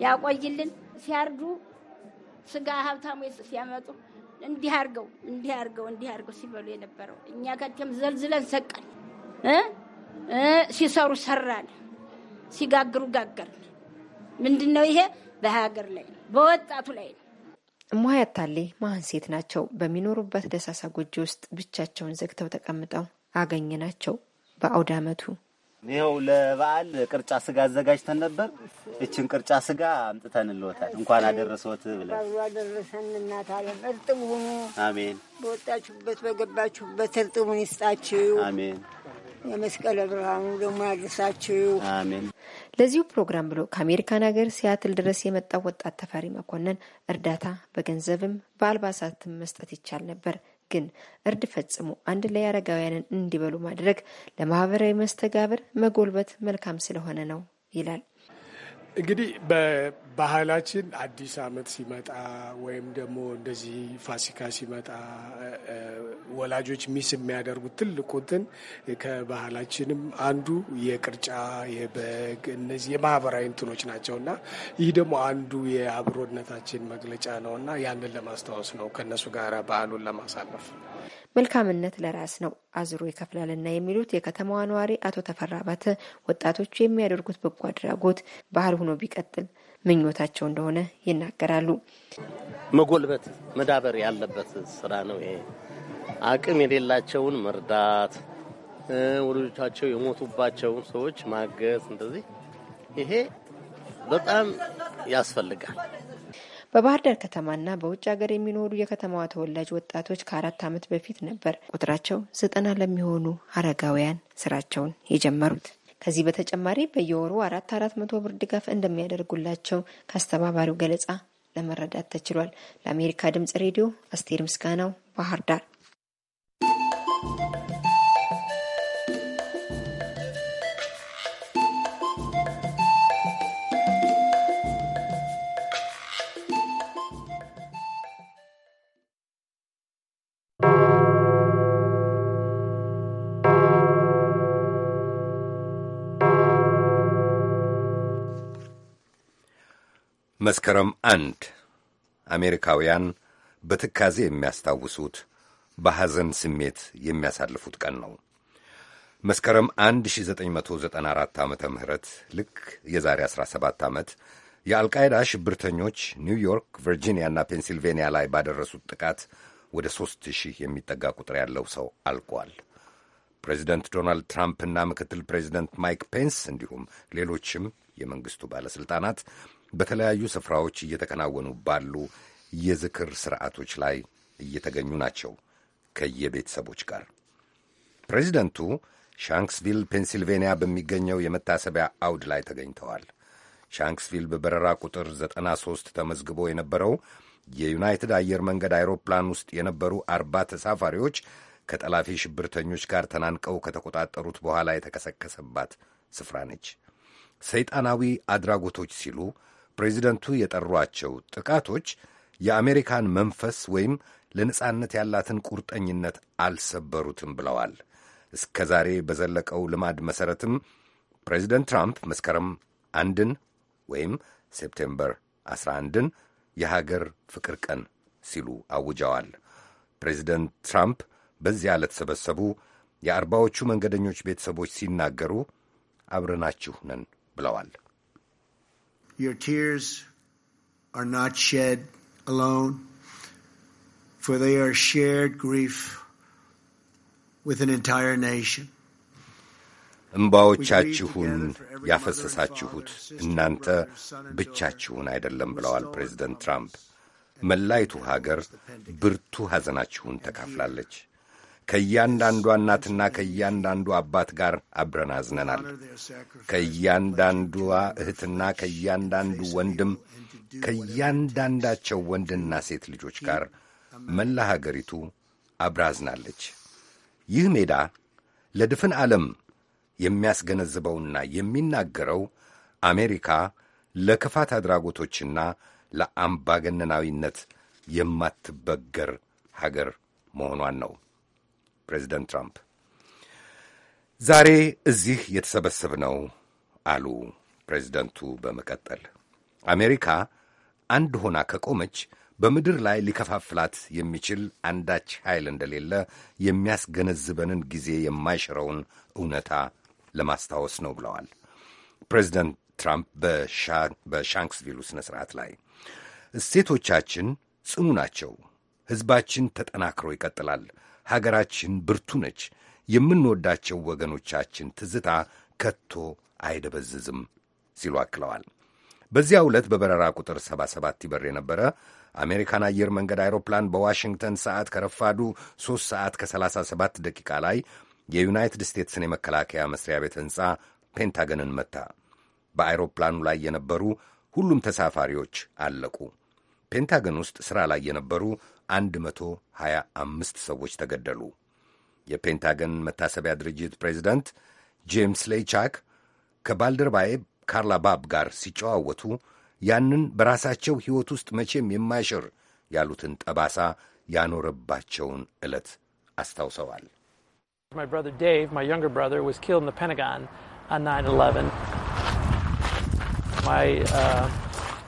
ያቆይልን። ሲያርዱ ስጋ ሀብታሙ ሲያመጡ እንዲህ አርገው እንዲህ አርገው እንዲህ አርገው ሲበሉ የነበረው እኛ ከቴም ዘልዝለን ሰቀል ሲሰሩ ሰራን፣ ሲጋግሩ ጋገርን። ምንድን ነው ይሄ? በሀገር ላይ በወጣቱ ላይ እማያታሌ መሀን ሴት ናቸው። በሚኖሩበት ደሳሳ ጎጆ ውስጥ ብቻቸውን ዘግተው ተቀምጠው አገኘ ናቸው በአውድ አመቱ ይኸው ለበዓል ቅርጫ ስጋ አዘጋጅተን ነበር። እችን ቅርጫ ስጋ አምጥተን ልወታል። እንኳን አደረሰዎት ብለን አደረሰን። እናታለን እርጥብ ሁኑ። አሜን። በወጣችሁበት በገባችሁበት እርጥሙን ይስጣችሁ። አሜን። የመስቀለ ብርሃኑ ደግሞ ያድርሳችሁ። አሜን። ለዚሁ ፕሮግራም ብሎ ከአሜሪካን ሀገር ሲያትል ድረስ የመጣው ወጣት ተፈሪ መኮንን እርዳታ በገንዘብም በአልባሳትም መስጠት ይቻል ነበር፣ ግን እርድ ፈጽሞ አንድ ላይ አረጋውያንን እንዲበሉ ማድረግ ለማህበራዊ መስተጋብር መጎልበት መልካም ስለሆነ ነው ይላል። እንግዲህ ባህላችን አዲስ አመት ሲመጣ ወይም ደግሞ እንደዚህ ፋሲካ ሲመጣ ወላጆች ሚስ የሚያደርጉት ትልቁትን ከባህላችንም አንዱ የቅርጫ የበግ እነዚህ የማህበራዊ እንትኖች ናቸው እና ይህ ደግሞ አንዱ የአብሮነታችን መግለጫ ነው እና ያንን ለማስታወስ ነው ከእነሱ ጋር ባህሉን ለማሳለፍ። መልካምነት ለራስ ነው አዝሮ ይከፍላልና የሚሉት የከተማዋ ነዋሪ አቶ ተፈራ ባተ ወጣቶቹ የሚያደርጉት በጎ አድራጎት ባህል ሆኖ ቢቀጥል ምኞታቸው እንደሆነ ይናገራሉ። መጎልበት መዳበር ያለበት ስራ ነው ይሄ። አቅም የሌላቸውን መርዳት፣ ወላጆቻቸው የሞቱባቸውን ሰዎች ማገዝ፣ እንደዚህ ይሄ በጣም ያስፈልጋል። በባህር ዳር ከተማና በውጭ ሀገር የሚኖሩ የከተማዋ ተወላጅ ወጣቶች ከአራት ዓመት በፊት ነበር ቁጥራቸው ዘጠና ለሚሆኑ አረጋውያን ስራቸውን የጀመሩት። ከዚህ በተጨማሪ በየወሩ አራት አራት መቶ ብር ድጋፍ እንደሚያደርጉላቸው ከአስተባባሪው ገለጻ ለመረዳት ተችሏል። ለአሜሪካ ድምጽ ሬዲዮ አስቴር ምስጋናው ባህር ዳር መስከረም አንድ አሜሪካውያን በትካዜ የሚያስታውሱት በሐዘን ስሜት የሚያሳልፉት ቀን ነው። መስከረም 1994 ዓ ም ልክ የዛሬ 17 ዓመት የአልቃይዳ ሽብርተኞች ኒውዮርክ፣ ቨርጂኒያና ፔንሲልቬንያ ላይ ባደረሱት ጥቃት ወደ ሦስት ሺህ የሚጠጋ ቁጥር ያለው ሰው አልቋል። ፕሬዚደንት ዶናልድ ትራምፕና ምክትል ፕሬዚደንት ማይክ ፔንስ እንዲሁም ሌሎችም የመንግስቱ ባለሥልጣናት በተለያዩ ስፍራዎች እየተከናወኑ ባሉ የዝክር ስርዓቶች ላይ እየተገኙ ናቸው ከየቤተሰቦች ጋር። ፕሬዚደንቱ ሻንክስቪል ፔንሲልቬንያ በሚገኘው የመታሰቢያ አውድ ላይ ተገኝተዋል። ሻንክስቪል በበረራ ቁጥር 93 ተመዝግቦ የነበረው የዩናይትድ አየር መንገድ አይሮፕላን ውስጥ የነበሩ አርባ ተሳፋሪዎች ከጠላፊ ሽብርተኞች ጋር ተናንቀው ከተቆጣጠሩት በኋላ የተቀሰቀሰባት ስፍራ ነች። ሰይጣናዊ አድራጎቶች ሲሉ ፕሬዚደንቱ የጠሯቸው ጥቃቶች የአሜሪካን መንፈስ ወይም ለነጻነት ያላትን ቁርጠኝነት አልሰበሩትም ብለዋል። እስከ ዛሬ በዘለቀው ልማድ መሠረትም ፕሬዚደንት ትራምፕ መስከረም አንድን ወይም ሴፕቴምበር 11ን የሀገር ፍቅር ቀን ሲሉ አውጀዋል። ፕሬዚደንት ትራምፕ በዚያ ለተሰበሰቡ የአርባዎቹ መንገደኞች ቤተሰቦች ሲናገሩ አብረናችሁ ነን ብለዋል። Your tears are not shed alone, for they are shared grief with an entire nation. እምባዎቻችሁን ያፈሰሳችሁት እናንተ ብቻችሁን አይደለም ብለዋል ፕሬዚደንት ትራምፕ። መላይቱ ሀገር ብርቱ ሐዘናችሁን ተካፍላለች። ከእያንዳንዷ እናትና ከእያንዳንዱ አባት ጋር አብረን አዝነናል። ከእያንዳንዷ እህትና ከእያንዳንዱ ወንድም ከእያንዳንዳቸው ወንድና ሴት ልጆች ጋር መላ ሀገሪቱ አብራ አዝናለች። ይህ ሜዳ ለድፍን ዓለም የሚያስገነዝበውና የሚናገረው አሜሪካ ለክፋት አድራጎቶችና ለአምባገነናዊነት የማትበገር ሀገር መሆኗን ነው። ፕሬዚደንት ትራምፕ ዛሬ እዚህ የተሰበሰብነው አሉ ፕሬዚደንቱ በመቀጠል አሜሪካ አንድ ሆና ከቆመች በምድር ላይ ሊከፋፍላት የሚችል አንዳች ኃይል እንደሌለ የሚያስገነዝበንን ጊዜ የማይሽረውን እውነታ ለማስታወስ ነው ብለዋል ፕሬዚደንት ትራምፕ በሻንክስቪሉ ስነ ስርዓት ላይ። እሴቶቻችን ጽኑ ናቸው። ሕዝባችን ተጠናክሮ ይቀጥላል። ሀገራችን ብርቱ ነች። የምንወዳቸው ወገኖቻችን ትዝታ ከቶ አይደበዝዝም ሲሉ አክለዋል። በዚያ ዕለት በበረራ ቁጥር 77 ይበር የነበረ አሜሪካን አየር መንገድ አይሮፕላን በዋሽንግተን ሰዓት ከረፋዱ 3 ሰዓት ከ37 ደቂቃ ላይ የዩናይትድ ስቴትስን የመከላከያ መስሪያ ቤት ሕንፃ ፔንታገንን መታ። በአይሮፕላኑ ላይ የነበሩ ሁሉም ተሳፋሪዎች አለቁ። ፔንታገን ውስጥ ሥራ ላይ የነበሩ 125 ሰዎች ተገደሉ። የፔንታገን መታሰቢያ ድርጅት ፕሬዚዳንት ጄምስ ሌይቻክ ከባልደረባዬ ካርላ ባብ ጋር ሲጨዋወቱ ያንን በራሳቸው ሕይወት ውስጥ መቼም የማይሽር ያሉትን ጠባሳ ያኖረባቸውን ዕለት አስታውሰዋል። ዴቭ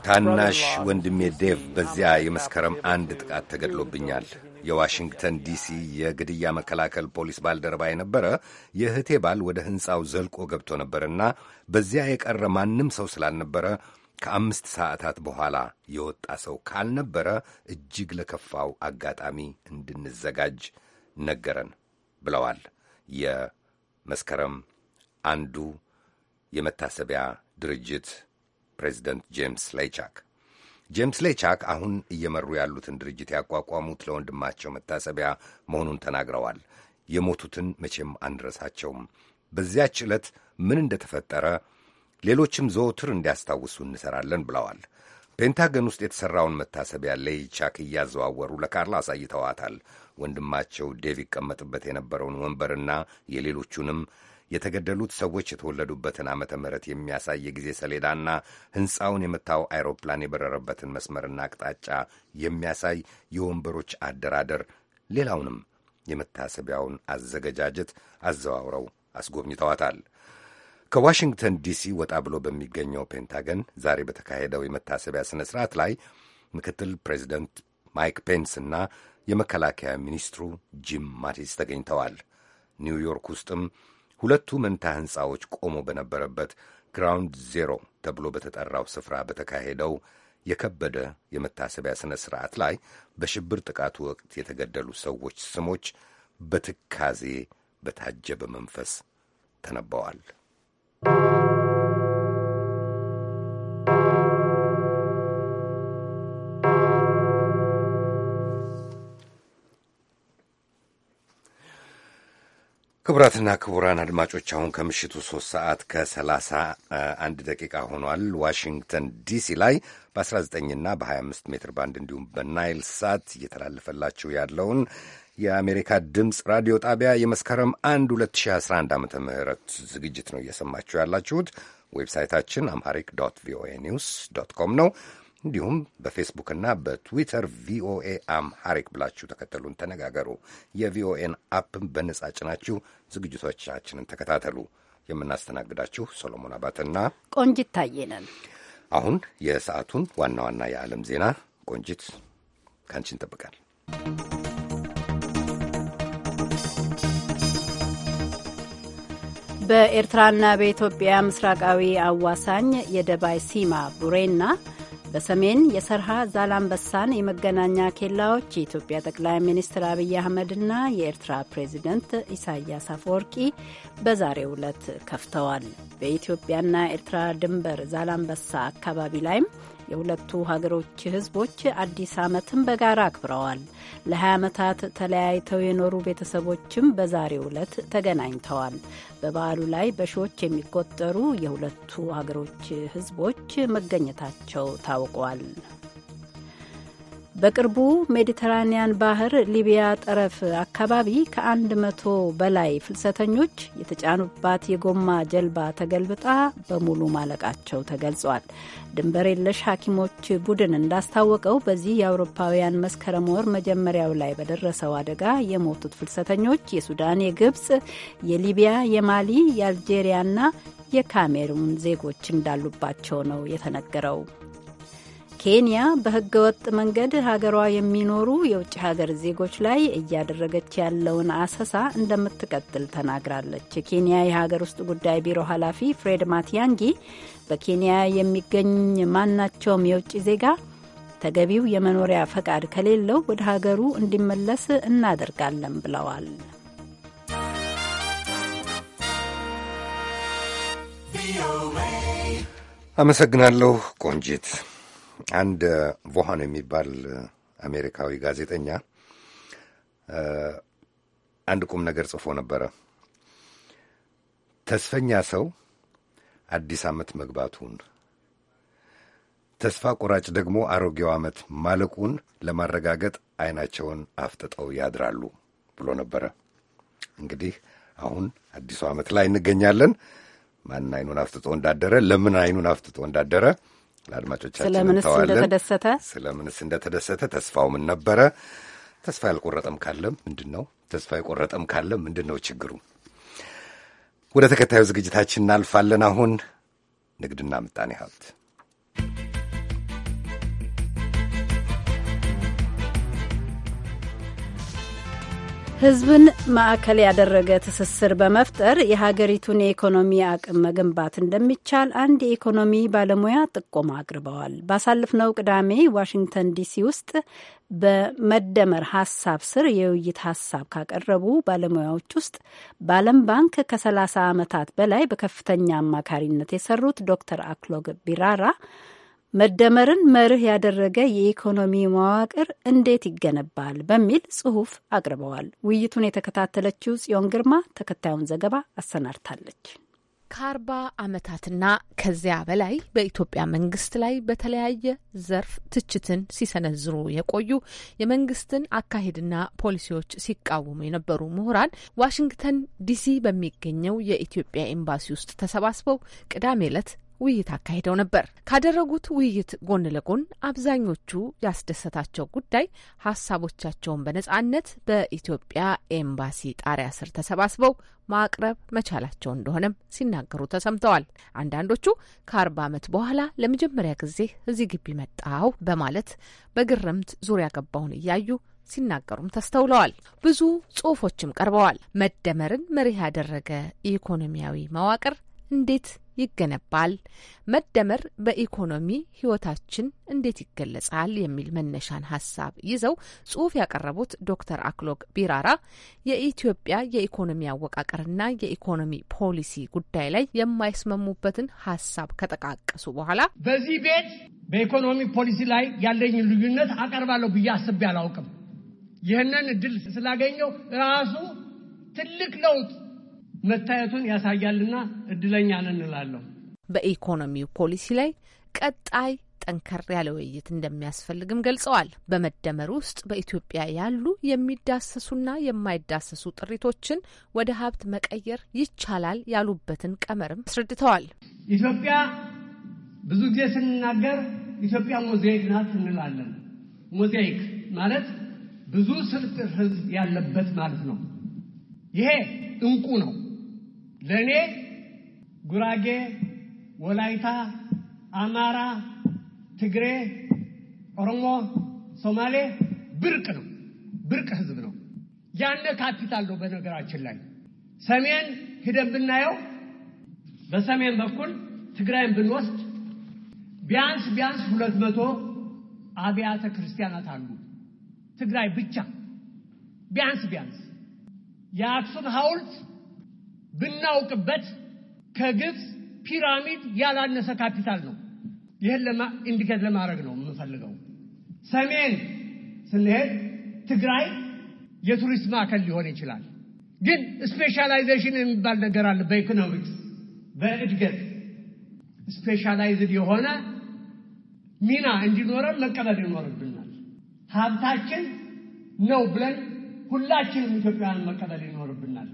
ታናሽ ወንድሜ ዴቭ በዚያ የመስከረም አንድ ጥቃት ተገድሎብኛል። የዋሽንግተን ዲሲ የግድያ መከላከል ፖሊስ ባልደረባ የነበረ የእህቴ ባል ወደ ሕንፃው ዘልቆ ገብቶ ነበርና በዚያ የቀረ ማንም ሰው ስላልነበረ ከአምስት ሰዓታት በኋላ የወጣ ሰው ካልነበረ እጅግ ለከፋው አጋጣሚ እንድንዘጋጅ ነገረን ብለዋል። የመስከረም አንዱ የመታሰቢያ ድርጅት ፕሬዚደንት ጄምስ ሌቻክ። ጄምስ ሌቻክ አሁን እየመሩ ያሉትን ድርጅት ያቋቋሙት ለወንድማቸው መታሰቢያ መሆኑን ተናግረዋል። የሞቱትን መቼም አንረሳቸውም። በዚያች ዕለት ምን እንደተፈጠረ ሌሎችም ዘወትር እንዲያስታውሱ እንሰራለን ብለዋል። ፔንታገን ውስጥ የተሠራውን መታሰቢያ ቻክ እያዘዋወሩ ለካርላ አሳይተዋታል። ወንድማቸው ዴቭ ይቀመጥበት የነበረውን ወንበርና የሌሎቹንም የተገደሉት ሰዎች የተወለዱበትን ዓመተ ምሕረት የሚያሳይ የጊዜ ሰሌዳና ሕንፃውን የመታው አይሮፕላን የበረረበትን መስመርና አቅጣጫ የሚያሳይ የወንበሮች አደራደር፣ ሌላውንም የመታሰቢያውን አዘገጃጀት አዘዋውረው አስጎብኝተዋታል። ከዋሽንግተን ዲሲ ወጣ ብሎ በሚገኘው ፔንታገን ዛሬ በተካሄደው የመታሰቢያ ሥነ ሥርዓት ላይ ምክትል ፕሬዚደንት ማይክ ፔንስ እና የመከላከያ ሚኒስትሩ ጂም ማቲስ ተገኝተዋል። ኒውዮርክ ውስጥም ሁለቱ መንታ ሕንፃዎች ቆሞ በነበረበት ግራውንድ ዜሮ ተብሎ በተጠራው ስፍራ በተካሄደው የከበደ የመታሰቢያ ሥነ ሥርዓት ላይ በሽብር ጥቃቱ ወቅት የተገደሉ ሰዎች ስሞች በትካዜ በታጀበ መንፈስ ተነበዋል። ክቡራትና ክቡራን አድማጮች አሁን ከምሽቱ ሶስት ሰዓት ከሰላሳ አንድ ደቂቃ ሆኗል። ዋሽንግተን ዲሲ ላይ በ19ና በ25 ሜትር ባንድ እንዲሁም በናይል ሳት እየተላለፈላችሁ ያለውን የአሜሪካ ድምፅ ራዲዮ ጣቢያ የመስከረም 1 2011 ዓ ም ዝግጅት ነው እየሰማችሁ ያላችሁት። ዌብሳይታችን አምሃሪክ ዶት ቪኦኤ ኒውስ ዶት ኮም ነው። እንዲሁም በፌስቡክና በትዊተር ቪኦኤ አምሃሪክ ብላችሁ ተከተሉን፣ ተነጋገሩ። የቪኦኤን አፕ በነጻ ጭናችሁ ዝግጅቶቻችንን ተከታተሉ። የምናስተናግዳችሁ ሶሎሞን አባተና ቆንጂት ታዬ ነን። አሁን የሰዓቱን ዋና ዋና የዓለም ዜና ቆንጂት ከአንቺ እንጠብቃል። በኤርትራና በኢትዮጵያ ምስራቃዊ አዋሳኝ የደባይ ሲማ ቡሬና በሰሜን የሰርሃ ዛላምበሳን የመገናኛ ኬላዎች የኢትዮጵያ ጠቅላይ ሚኒስትር አብይ አህመድና የኤርትራ ፕሬዚደንት ኢሳያስ አፈወርቂ በዛሬው ዕለት ከፍተዋል። በኢትዮጵያና ኤርትራ ድንበር ዛላምበሳ አካባቢ ላይም የሁለቱ ሀገሮች ህዝቦች አዲስ ዓመትን በጋራ አክብረዋል። ለ20 ዓመታት ተለያይተው የኖሩ ቤተሰቦችም በዛሬው ዕለት ተገናኝተዋል። በበዓሉ ላይ በሺዎች የሚቆጠሩ የሁለቱ ሀገሮች ህዝቦች መገኘታቸው ታውቋል። በቅርቡ ሜዲተራኒያን ባህር ሊቢያ ጠረፍ አካባቢ ከአንድ መቶ በላይ ፍልሰተኞች የተጫኑባት የጎማ ጀልባ ተገልብጣ በሙሉ ማለቃቸው ተገልጿል። ድንበር የለሽ ሐኪሞች ቡድን እንዳስታወቀው በዚህ የአውሮፓውያን መስከረም ወር መጀመሪያው ላይ በደረሰው አደጋ የሞቱት ፍልሰተኞች የሱዳን፣ የግብጽ፣ የሊቢያ፣ የማሊ፣ የአልጄሪያና የካሜሩን ዜጎች እንዳሉባቸው ነው የተነገረው። ኬንያ በህገወጥ መንገድ ሀገሯ የሚኖሩ የውጭ ሀገር ዜጎች ላይ እያደረገች ያለውን አሰሳ እንደምትቀጥል ተናግራለች። የኬንያ የሀገር ውስጥ ጉዳይ ቢሮ ኃላፊ ፍሬድ ማቲያንጊ በኬንያ የሚገኝ ማናቸውም የውጭ ዜጋ ተገቢው የመኖሪያ ፈቃድ ከሌለው ወደ ሀገሩ እንዲመለስ እናደርጋለን ብለዋል። አመሰግናለሁ ቆንጂት። አንድ ቮሃን የሚባል አሜሪካዊ ጋዜጠኛ አንድ ቁም ነገር ጽፎ ነበረ። ተስፈኛ ሰው አዲስ ዓመት መግባቱን፣ ተስፋ ቆራጭ ደግሞ አሮጌው ዓመት ማለቁን ለማረጋገጥ አይናቸውን አፍጥጠው ያድራሉ ብሎ ነበረ። እንግዲህ አሁን አዲሱ ዓመት ላይ እንገኛለን። ማን አይኑን አፍጥጦ እንዳደረ፣ ለምን አይኑን አፍጥጦ እንዳደረ ለአድማጮቻችን ስለምንስ እንደተደሰተ ስለምንስ እንደተደሰተ ተስፋው ነበረ? ተስፋ ያልቆረጠም ካለ ምንድን ነው? ተስፋ የቆረጠም ካለም ምንድን ነው ችግሩ? ወደ ተከታዩ ዝግጅታችን እናልፋለን። አሁን ንግድና ምጣኔ ሀብት ህዝብን ማዕከል ያደረገ ትስስር በመፍጠር የሀገሪቱን የኢኮኖሚ አቅም መገንባት እንደሚቻል አንድ የኢኮኖሚ ባለሙያ ጥቆማ አቅርበዋል። ባሳለፍነው ቅዳሜ ዋሽንግተን ዲሲ ውስጥ በመደመር ሀሳብ ስር የውይይት ሀሳብ ካቀረቡ ባለሙያዎች ውስጥ በዓለም ባንክ ከ30 ዓመታት በላይ በከፍተኛ አማካሪነት የሰሩት ዶክተር አክሎግ ቢራራ መደመርን መርህ ያደረገ የኢኮኖሚ መዋቅር እንዴት ይገነባል በሚል ጽሑፍ አቅርበዋል። ውይይቱን የተከታተለችው ጽዮን ግርማ ተከታዩን ዘገባ አሰናድታለች። ከአርባ ዓመታትና ከዚያ በላይ በኢትዮጵያ መንግስት ላይ በተለያየ ዘርፍ ትችትን ሲሰነዝሩ የቆዩ የመንግስትን አካሄድና ፖሊሲዎች ሲቃወሙ የነበሩ ምሁራን ዋሽንግተን ዲሲ በሚገኘው የኢትዮጵያ ኤምባሲ ውስጥ ተሰባስበው ቅዳሜ ዕለት ውይይት አካሂደው ነበር። ካደረጉት ውይይት ጎን ለጎን አብዛኞቹ ያስደሰታቸው ጉዳይ ሀሳቦቻቸውን በነጻነት በኢትዮጵያ ኤምባሲ ጣሪያ ስር ተሰባስበው ማቅረብ መቻላቸው እንደሆነም ሲናገሩ ተሰምተዋል። አንዳንዶቹ ከአርባ ዓመት በኋላ ለመጀመሪያ ጊዜ እዚህ ግቢ መጣው በማለት በግርምት ዙሪያ ገባውን እያዩ ሲናገሩም ተስተውለዋል። ብዙ ጽሁፎችም ቀርበዋል። መደመርን መርህ ያደረገ ኢኮኖሚያዊ መዋቅር እንዴት ይገነባል። መደመር በኢኮኖሚ ህይወታችን እንዴት ይገለጻል? የሚል መነሻን ሀሳብ ይዘው ጽሁፍ ያቀረቡት ዶክተር አክሎግ ቢራራ የኢትዮጵያ የኢኮኖሚ አወቃቀርና የኢኮኖሚ ፖሊሲ ጉዳይ ላይ የማይስማሙበትን ሀሳብ ከጠቃቀሱ በኋላ በዚህ ቤት በኢኮኖሚ ፖሊሲ ላይ ያለኝን ልዩነት አቀርባለሁ ብዬ አስቤ አላውቅም። ይህንን እድል ስላገኘው ራሱ ትልቅ ለውጥ መታየቱን ያሳያልና እድለኛ ነን እንላለሁ። በኢኮኖሚው ፖሊሲ ላይ ቀጣይ ጠንከር ያለ ውይይት እንደሚያስፈልግም ገልጸዋል። በመደመር ውስጥ በኢትዮጵያ ያሉ የሚዳሰሱና የማይዳሰሱ ጥሪቶችን ወደ ሀብት መቀየር ይቻላል ያሉበትን ቀመርም አስረድተዋል። ኢትዮጵያ ብዙ ጊዜ ስንናገር ኢትዮጵያ ሞዛይክ ናት እንላለን። ሞዛይክ ማለት ብዙ ስልጥ ህዝብ ያለበት ማለት ነው። ይሄ እንቁ ነው። ለእኔ ጉራጌ፣ ወላይታ፣ አማራ፣ ትግሬ፣ ኦሮሞ፣ ሶማሌ ብርቅ ነው። ብርቅ ህዝብ ነው። ያነ ካፒታል ነው። በነገራችን ላይ ሰሜን ሂደን ብናየው በሰሜን በኩል ትግራይን ብንወስድ ቢያንስ ቢያንስ ሁለት መቶ አብያተ ክርስቲያናት አሉ። ትግራይ ብቻ ቢያንስ ቢያንስ የአክሱም ሐውልት ብናውቅበት ከግብፅ ፒራሚድ ያላነሰ ካፒታል ነው። ይህን ኢንዲኬት ለማድረግ ነው የምንፈልገው። ሰሜን ስንሄድ ትግራይ የቱሪስት ማዕከል ሊሆን ይችላል። ግን ስፔሻላይዜሽን የሚባል ነገር አለ። በኢኮኖሚክስ በእድገት ስፔሻላይዝድ የሆነ ሚና እንዲኖረን መቀበል ይኖርብናል። ሀብታችን ነው ብለን ሁላችንም ኢትዮጵያውያን መቀበል ይኖርብናል።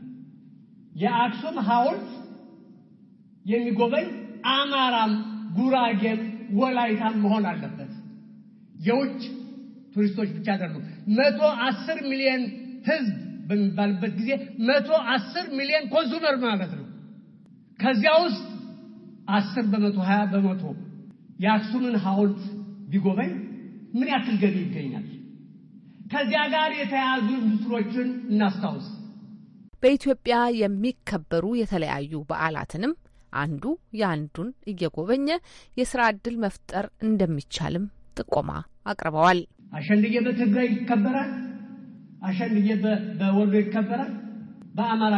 የአክሱም ሐውልት የሚጎበኝ አማራም፣ ጉራጌም፣ ወላይታም መሆን አለበት። የውጭ ቱሪስቶች ብቻ አይደሉም። መቶ አስር ሚሊዮን ህዝብ በሚባልበት ጊዜ መቶ አስር ሚሊዮን ኮንሱመር ማለት ነው። ከዚያ ውስጥ አስር በመቶ ሀያ በመቶ የአክሱምን ሐውልት ቢጎበኝ ምን ያክል ገቢ ይገኛል? ከዚያ ጋር የተያያዙ ኢንዱስትሪዎችን እናስታውስ። በኢትዮጵያ የሚከበሩ የተለያዩ በዓላትንም አንዱ የአንዱን እየጎበኘ የስራ ዕድል መፍጠር እንደሚቻልም ጥቆማ አቅርበዋል። አሸንድዬ በትግራይ ይከበራል። አሸንድዬ በወሎ ይከበራል። በአማራ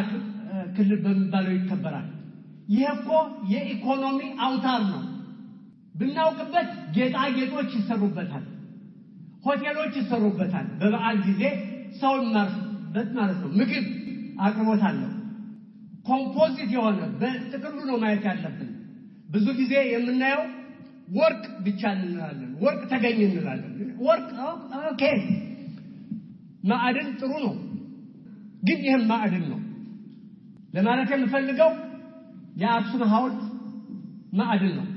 ክልል በሚባለው ይከበራል። ይህ እኮ የኢኮኖሚ አውታር ነው። ብናውቅበት ጌጣጌጦች ይሰሩበታል፣ ሆቴሎች ይሰሩበታል። በበዓል ጊዜ ሰው ይማርስበት ማለት ነው። ምግብ አቅርቦት አለው። ኮምፖዚት የሆነ በጥቅሉ ነው ማየት ያለብን። ብዙ ጊዜ የምናየው ወርቅ ብቻ እንላለን፣ ወርቅ ተገኝ እንላለን። ወርቅ ኦኬ፣ ማዕድን ጥሩ ነው፣ ግን ይህም ማዕድን ነው ለማለት የምፈልገው የአክሱም ሐውልት ማዕድን ነው።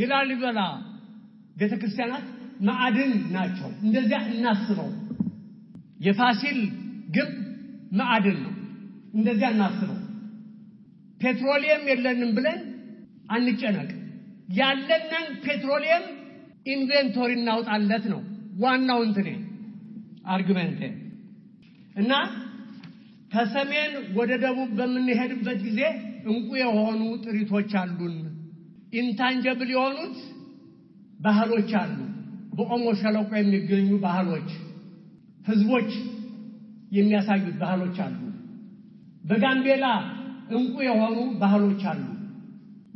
የላሊበላ ቤተ ክርስቲያናት ማዕድን ናቸው። እንደዚያ እናስበው። የፋሲል ግንብ ማዕድን ነው። እንደዚያ እናስበው። ፔትሮሊየም የለንም ብለን አንጨነቅ። ያለንን ፔትሮሊየም ኢንቬንቶሪ እናውጣለት ነው ዋናው እንትኔ አርግመንቴ እና ከሰሜን ወደ ደቡብ በምንሄድበት ጊዜ እንቁ የሆኑ ጥሪቶች አሉን። ኢንታንጀብል የሆኑት ባህሎች አሉ። በኦሞ ሸለቆ የሚገኙ ባህሎች፣ ህዝቦች የሚያሳዩት ባህሎች አሉ። በጋምቤላ እንቁ የሆኑ ባህሎች አሉ።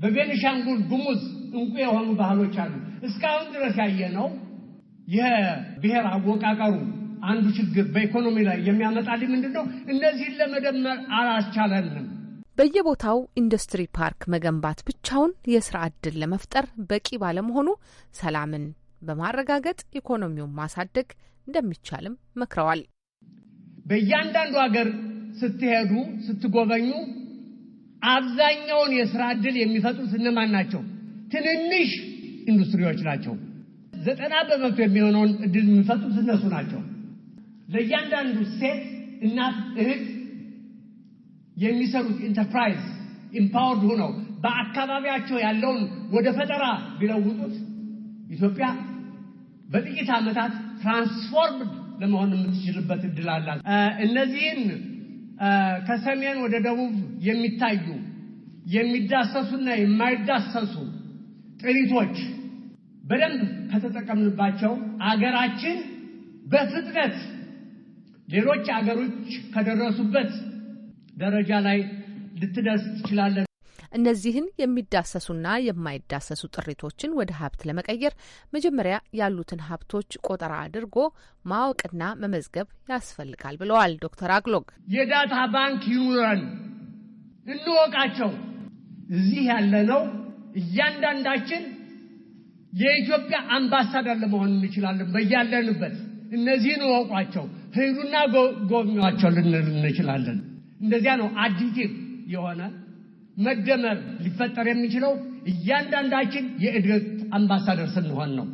በቤኒሻንጉል ጉሙዝ እንቁ የሆኑ ባህሎች አሉ። እስካሁን ድረስ ያየነው የብሔር አወቃቀሩ አንዱ ችግር በኢኮኖሚ ላይ የሚያመጣልኝ ምንድን ነው? እነዚህን ለመደመር አላስቻለንም። በየቦታው ኢንዱስትሪ ፓርክ መገንባት ብቻውን የስራ ዕድል ለመፍጠር በቂ ባለመሆኑ ሰላምን በማረጋገጥ ኢኮኖሚውን ማሳደግ እንደሚቻልም መክረዋል። በእያንዳንዱ ሀገር ስትሄዱ ስትጎበኙ አብዛኛውን የስራ ዕድል የሚፈጥሩት እነማን ናቸው? ትንንሽ ኢንዱስትሪዎች ናቸው። ዘጠና በመቶ የሚሆነውን እድል የሚፈጥሩት እነሱ ናቸው። ለእያንዳንዱ ሴት እናት፣ እህት የሚሰሩት ኢንተርፕራይዝ ኢምፓወርድ ሆነው በአካባቢያቸው ያለውን ወደ ፈጠራ ቢለውጡት ኢትዮጵያ በጥቂት ዓመታት ትራንስፎርምድ ለመሆን የምትችልበት እድል አላት። እነዚህን ከሰሜን ወደ ደቡብ የሚታዩ የሚዳሰሱና የማይዳሰሱ ጥሪቶች በደንብ ከተጠቀምንባቸው አገራችን በፍጥነት ሌሎች አገሮች ከደረሱበት ደረጃ ላይ ልትደርስ ትችላለን። እነዚህን የሚዳሰሱና የማይዳሰሱ ጥሪቶችን ወደ ሀብት ለመቀየር መጀመሪያ ያሉትን ሀብቶች ቆጠራ አድርጎ ማወቅና መመዝገብ ያስፈልጋል ብለዋል ዶክተር አግሎግ የዳታ ባንክ ይኑረን፣ እንወቃቸው። እዚህ ነው እያንዳንዳችን የኢትዮጵያ አምባሳደር ለመሆን እንችላለን። በያለንበት እነዚህን እወቋቸው፣ ሂዱና ጎብኟቸው ልንል እንችላለን። እንደዚያ ነው አዲቲቭ የሆነ መደመር ሊፈጠር የሚችለው እያንዳንዳችን የእድገት አምባሳደር ስንሆን ነው።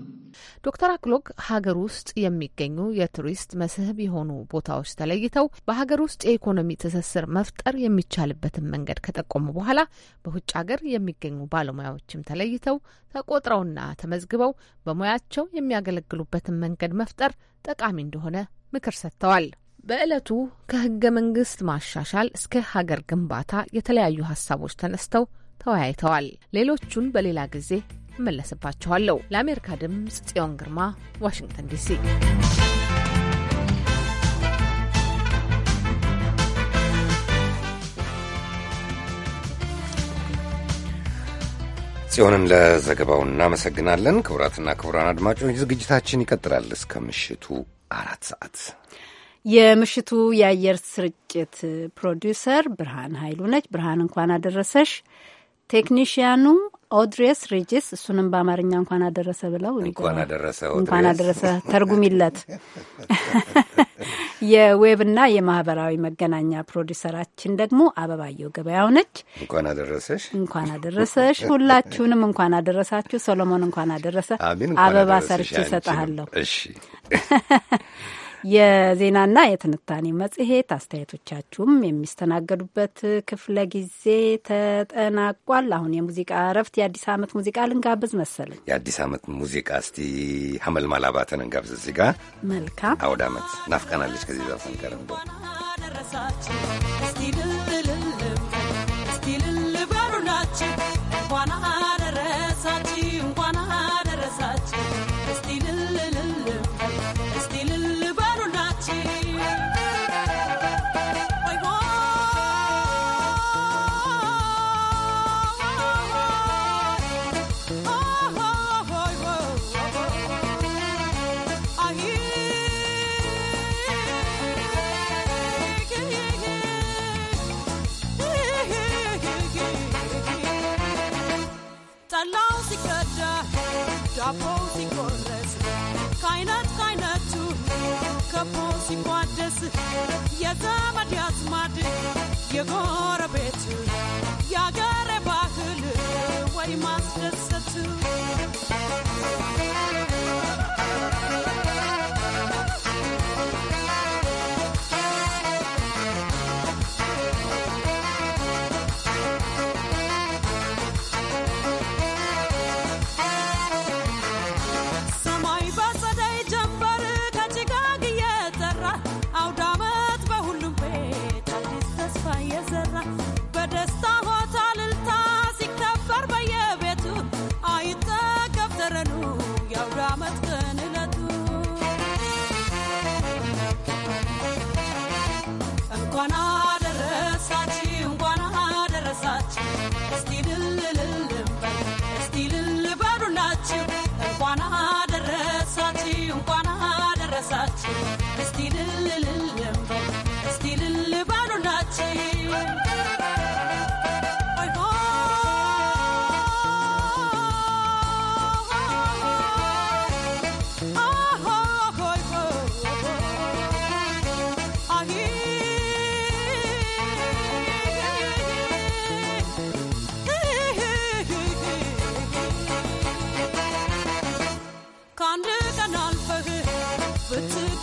ዶክተር አክሎግ ሀገር ውስጥ የሚገኙ የቱሪስት መስህብ የሆኑ ቦታዎች ተለይተው በሀገር ውስጥ የኢኮኖሚ ትስስር መፍጠር የሚቻልበትን መንገድ ከጠቆሙ በኋላ በውጭ ሀገር የሚገኙ ባለሙያዎችም ተለይተው ተቆጥረውና ተመዝግበው በሙያቸው የሚያገለግሉበትን መንገድ መፍጠር ጠቃሚ እንደሆነ ምክር ሰጥተዋል። በዕለቱ ከህገ መንግስት ማሻሻል እስከ ሀገር ግንባታ የተለያዩ ሀሳቦች ተነስተው ተወያይተዋል። ሌሎቹን በሌላ ጊዜ እመለስባቸዋለሁ። ለአሜሪካ ድምፅ ጽዮን ግርማ፣ ዋሽንግተን ዲሲ። ጽዮንን ለዘገባው እናመሰግናለን። ክቡራትና ክቡራን አድማጮች ዝግጅታችን ይቀጥላል እስከ ምሽቱ አራት ሰዓት የምሽቱ የአየር ስርጭት ፕሮዲውሰር ብርሃን ኃይሉ ነች። ብርሃን እንኳን አደረሰሽ። ቴክኒሽያኑ ኦድሬስ ሪጅስ እሱንም በአማርኛ እንኳን አደረሰ ብለው እንኳን አደረሰ እንኳን አደረሰ ተርጉሚለት። (laughs) የዌብና የማህበራዊ መገናኛ ፕሮዲሰራችን ደግሞ አበባየው ገበያው ነች። እንኳን አደረሰሽ እንኳን አደረሰሽ። ሁላችሁንም እንኳን አደረሳችሁ። ሶሎሞን እንኳን አደረሰ። አበባ ሰርች ይሰጠሃለሁ። እሺ (laughs) የዜናና የትንታኔ መጽሔት አስተያየቶቻችሁም የሚስተናገዱበት ክፍለ ጊዜ ተጠናቋል። አሁን የሙዚቃ እረፍት፣ የአዲስ ዓመት ሙዚቃ ልንጋብዝ መሰለኝ። የአዲስ ዓመት ሙዚቃ እስቲ ሀመልማል አባተን እንጋብዝ። እዚህ ጋ መልካም አውድ ዓመት ናፍቃናለች። ከዚህ እስቲ እንቀር የዘመድ ያዝማድ የጎረ Versace.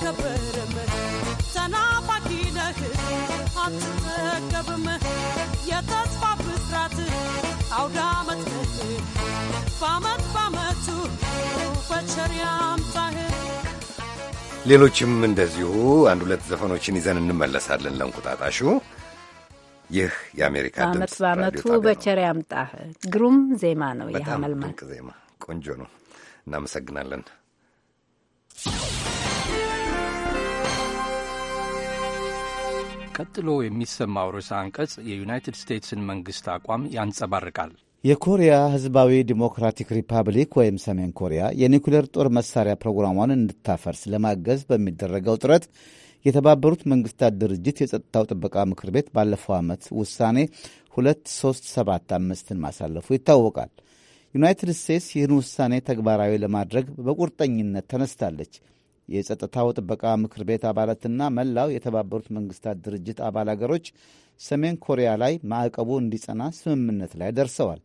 አትከበርም። ተናፋቂ ነህ አትጠገብም። የተስፋ ብስራት አውደ ነህ በቸር ያምጣህ። ሌሎችም እንደዚሁ አንድ ሁለት ዘፈኖችን ይዘን እንመለሳለን። ለእንቁጣጣሹ ይህ የአሜሪካ ድምፅ በአመቱ በቸር ያምጣህ ግሩም ዜማ ነው። ይህ አመልማል ዜማ ቆንጆ ነው። እናመሰግናለን። ቀጥሎ የሚሰማው ርዕሰ አንቀጽ የዩናይትድ ስቴትስን መንግሥት አቋም ያንጸባርቃል። የኮሪያ ሕዝባዊ ዲሞክራቲክ ሪፐብሊክ ወይም ሰሜን ኮሪያ የኒኩሌር ጦር መሳሪያ ፕሮግራሟን እንድታፈርስ ለማገዝ በሚደረገው ጥረት የተባበሩት መንግስታት ድርጅት የጸጥታው ጥበቃ ምክር ቤት ባለፈው ዓመት ውሳኔ 2375ን ማሳለፉ ይታወቃል። ዩናይትድ ስቴትስ ይህን ውሳኔ ተግባራዊ ለማድረግ በቁርጠኝነት ተነስታለች። የጸጥታው ጥበቃ ምክር ቤት አባላትና መላው የተባበሩት መንግስታት ድርጅት አባል አገሮች ሰሜን ኮሪያ ላይ ማዕቀቡ እንዲጸና ስምምነት ላይ ደርሰዋል።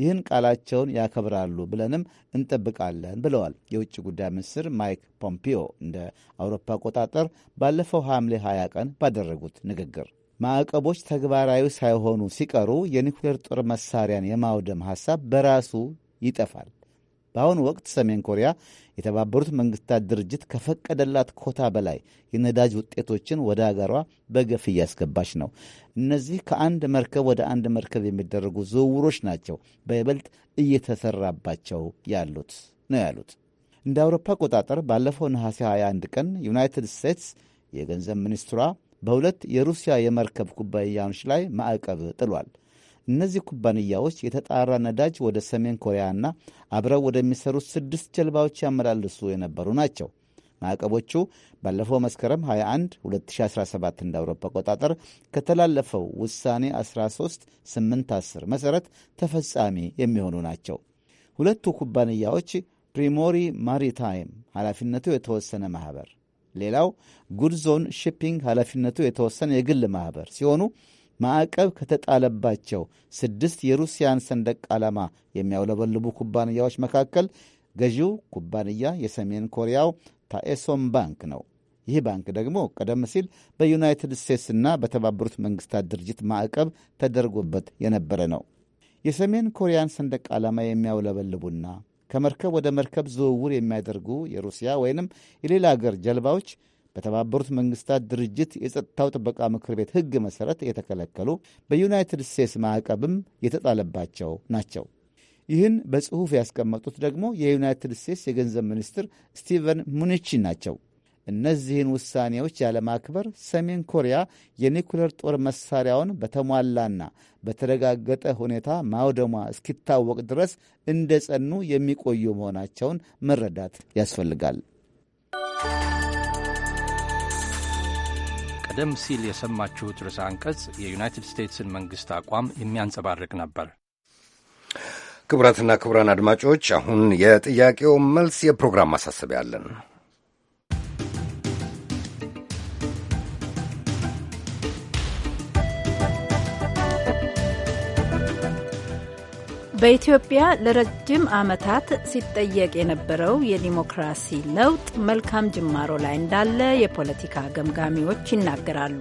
ይህን ቃላቸውን ያከብራሉ ብለንም እንጠብቃለን ብለዋል። የውጭ ጉዳይ ሚኒስትር ማይክ ፖምፒዮ እንደ አውሮፓ አቆጣጠር ባለፈው ሐምሌ 20 ቀን ባደረጉት ንግግር ማዕቀቦች ተግባራዊ ሳይሆኑ ሲቀሩ የኒውክሌር ጦር መሳሪያን የማውደም ሐሳብ በራሱ ይጠፋል። በአሁኑ ወቅት ሰሜን ኮሪያ የተባበሩት መንግስታት ድርጅት ከፈቀደላት ኮታ በላይ የነዳጅ ውጤቶችን ወደ አገሯ በገፍ እያስገባች ነው። እነዚህ ከአንድ መርከብ ወደ አንድ መርከብ የሚደረጉ ዝውውሮች ናቸው በይበልጥ እየተሰራባቸው ያሉት ነው ያሉት። እንደ አውሮፓ አቆጣጠር ባለፈው ነሐሴ 21 ቀን ዩናይትድ ስቴትስ የገንዘብ ሚኒስትሯ በሁለት የሩሲያ የመርከብ ኩባንያዎች ላይ ማዕቀብ ጥሏል። እነዚህ ኩባንያዎች የተጣራ ነዳጅ ወደ ሰሜን ኮሪያና አብረው ወደሚሰሩት ስድስት ጀልባዎች ያመላልሱ የነበሩ ናቸው። ማዕቀቦቹ ባለፈው መስከረም 21 2017 እንደ አውሮፓ አቆጣጠር ከተላለፈው ውሳኔ 13 810 መሠረት ተፈጻሚ የሚሆኑ ናቸው። ሁለቱ ኩባንያዎች ፕሪሞሪ ማሪታይም ኃላፊነቱ የተወሰነ ማኅበር፣ ሌላው ጉድዞን ሺፒንግ ኃላፊነቱ የተወሰነ የግል ማኅበር ሲሆኑ ማዕቀብ ከተጣለባቸው ስድስት የሩሲያን ሰንደቅ ዓላማ የሚያውለበልቡ ኩባንያዎች መካከል ገዢው ኩባንያ የሰሜን ኮሪያው ታኤሶም ባንክ ነው። ይህ ባንክ ደግሞ ቀደም ሲል በዩናይትድ ስቴትስና በተባበሩት መንግስታት ድርጅት ማዕቀብ ተደርጎበት የነበረ ነው። የሰሜን ኮሪያን ሰንደቅ ዓላማ የሚያውለበልቡና ከመርከብ ወደ መርከብ ዝውውር የሚያደርጉ የሩሲያ ወይንም የሌላ አገር ጀልባዎች በተባበሩት መንግስታት ድርጅት የጸጥታው ጥበቃ ምክር ቤት ሕግ መሠረት የተከለከሉ በዩናይትድ ስቴትስ ማዕቀብም የተጣለባቸው ናቸው። ይህን በጽሑፍ ያስቀመጡት ደግሞ የዩናይትድ ስቴትስ የገንዘብ ሚኒስትር ስቲቨን ሙኒቺ ናቸው። እነዚህን ውሳኔዎች ያለማክበር ሰሜን ኮሪያ የኒኩሌር ጦር መሳሪያውን በተሟላና በተረጋገጠ ሁኔታ ማውደሟ እስኪታወቅ ድረስ እንደ ጸኑ የሚቆዩ መሆናቸውን መረዳት ያስፈልጋል። ቀደም ሲል የሰማችሁት ርዕሰ አንቀጽ የዩናይትድ ስቴትስን መንግሥት አቋም የሚያንጸባርቅ ነበር። ክቡራትና ክቡራን አድማጮች አሁን የጥያቄው መልስ የፕሮግራም ማሳሰቢያ አለን። በኢትዮጵያ ለረጅም ዓመታት ሲጠየቅ የነበረው የዲሞክራሲ ለውጥ መልካም ጅማሮ ላይ እንዳለ የፖለቲካ ገምጋሚዎች ይናገራሉ።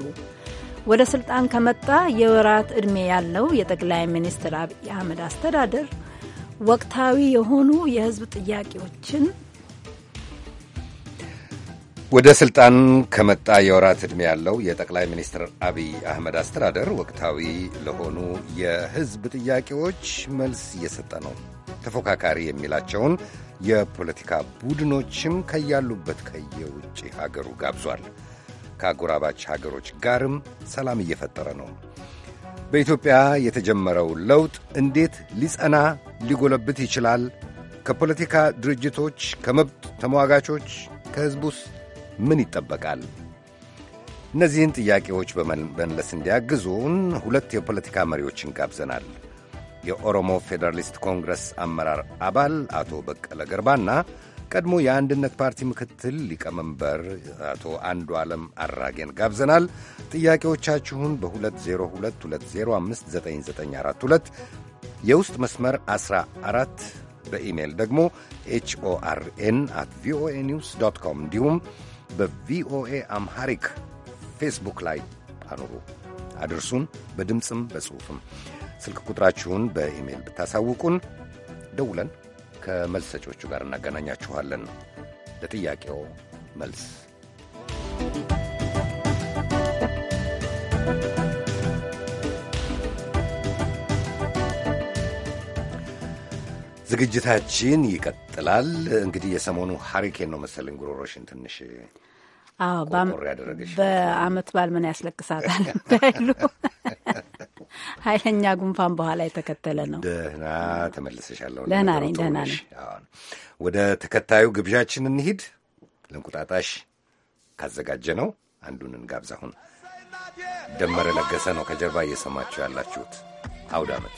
ወደ ስልጣን ከመጣ የወራት ዕድሜ ያለው የጠቅላይ ሚኒስትር አብይ አህመድ አስተዳደር ወቅታዊ የሆኑ የሕዝብ ጥያቄዎችን ወደ ስልጣን ከመጣ የወራት ዕድሜ ያለው የጠቅላይ ሚኒስትር አብይ አህመድ አስተዳደር ወቅታዊ ለሆኑ የሕዝብ ጥያቄዎች መልስ እየሰጠ ነው። ተፎካካሪ የሚላቸውን የፖለቲካ ቡድኖችም ከያሉበት ከየውጭ ሀገሩ ጋብዟል። ከአጎራባች ሀገሮች ጋርም ሰላም እየፈጠረ ነው። በኢትዮጵያ የተጀመረው ለውጥ እንዴት ሊጸና ሊጎለብት ይችላል? ከፖለቲካ ድርጅቶች፣ ከመብት ተሟጋቾች፣ ከሕዝቡስ ምን ይጠበቃል? እነዚህን ጥያቄዎች በመመለስ እንዲያግዙን ሁለት የፖለቲካ መሪዎችን ጋብዘናል። የኦሮሞ ፌዴራሊስት ኮንግረስ አመራር አባል አቶ በቀለ ገርባና ቀድሞ የአንድነት ፓርቲ ምክትል ሊቀመንበር አቶ አንዱ ዓለም አራጌን ጋብዘናል። ጥያቄዎቻችሁን በ2022059942 የውስጥ መስመር 14 በኢሜይል ደግሞ ኤችኦአርኤን አት ቪኦኤ ኒውስ ዶት ኮም እንዲሁም በቪኦኤ አምሃሪክ ፌስቡክ ላይ አኑሩ። አድርሱን፣ በድምፅም በጽሑፍም። ስልክ ቁጥራችሁን በኢሜይል ብታሳውቁን ደውለን ከመልስ ሰጪዎቹ ጋር እናገናኛችኋለን። ለጥያቄው መልስ ዝግጅታችን ይቀጥላል። እንግዲህ የሰሞኑ ሀሪኬን ነው መሰለኝ ጉሮሮሽን ትንሽ በአመት በዓል ምን ያስለቅሳታል እንዳይሉ (laughs) ኃይለኛ ጉንፋን በኋላ የተከተለ ነው። ደህና ተመልሰሻለሁ። ደህና ነኝ፣ ደህና ነኝ። ወደ ተከታዩ ግብዣችን እንሂድ። ለእንቁጣጣሽ ካዘጋጀ ነው አንዱን እንጋብዝ። አሁን ደመረ ለገሰ ነው ከጀርባ እየሰማችሁ ያላችሁት አውድ አመት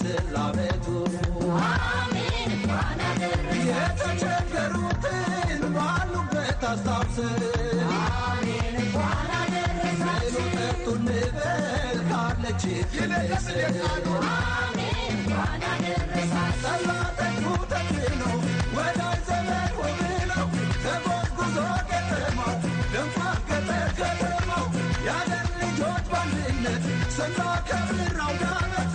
ስላቤቱ የተቸገሩትን ባሉበት አስታውሰን ሉ ጠጡ ንበል ካለች ሰላተኙ ተክለው ወዳጅ ዘመን ወብለው ተጓጉዞ ገጠማው ደንፋር ገጠር ከተማው ያለን ልጆች ባንድነት ስናከብር አውዳመት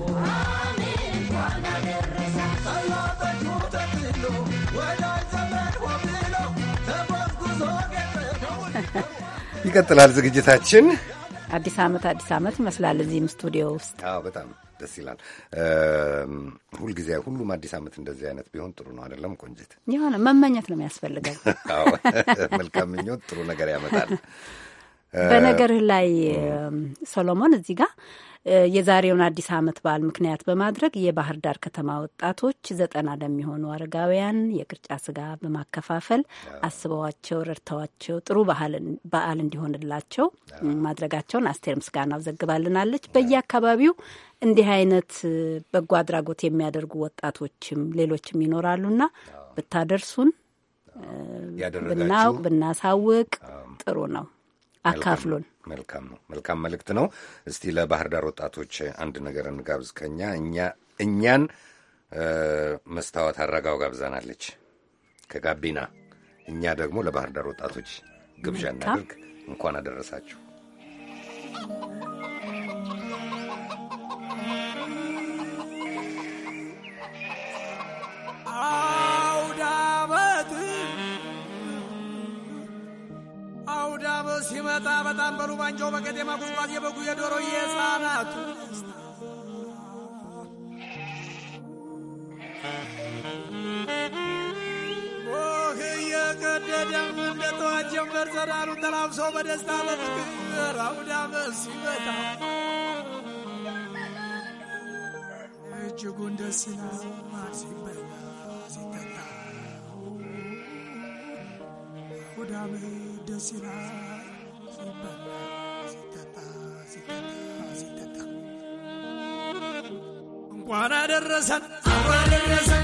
(laughs) ይቀጥላል ዝግጅታችን። አዲስ ዓመት አዲስ ዓመት ይመስላል እዚህም ስቱዲዮ ውስጥ። አዎ በጣም ደስ ይላል። ሁልጊዜ ሁሉም አዲስ ዓመት እንደዚህ አይነት ቢሆን ጥሩ ነው አይደለም ቆንጅት? የሆነ መመኘት ነው የሚያስፈልገው። (laughs) መልካም ምኞት ጥሩ ነገር ያመጣል። በነገርህ ላይ ሶሎሞን እዚህ ጋር የዛሬውን አዲስ ዓመት በዓል ምክንያት በማድረግ የባህር ዳር ከተማ ወጣቶች ዘጠና ለሚሆኑ አረጋውያን የቅርጫ ስጋ በማከፋፈል አስበዋቸው ረድተዋቸው ጥሩ በዓል እንዲሆንላቸው ማድረጋቸውን አስቴር ምስጋናው ዘግባልናለች። በየአካባቢው እንዲህ አይነት በጎ አድራጎት የሚያደርጉ ወጣቶችም ሌሎችም ይኖራሉና ብታደርሱን ብናውቅ ብናሳውቅ ጥሩ ነው። አካፍሉን። መልካም ነው። መልካም መልእክት ነው። እስቲ ለባህር ዳር ወጣቶች አንድ ነገር እንጋብዝ። ከኛ እኛን መስታወት አረጋው ጋብዛናለች ከጋቢና እኛ ደግሞ ለባህር ዳር ወጣቶች ግብዣ እናድርግ። እንኳን አደረሳችሁ። ah! ሲመጣ በጣም በሩባንጆ በቀጤማ ቁስቋት የበጉ የዶሮ የሕፃናቱ እየቀደደ እንደጠዋት ጀንበር ፀዳሉ ተላብሶ በደስታ ለፍቅር አውዳመት ሲመጣ እጅጉን ደስ ይላል ሲበላ ሲጠጣ አውዳመት ደስ ይላል እንኳን አደረሰን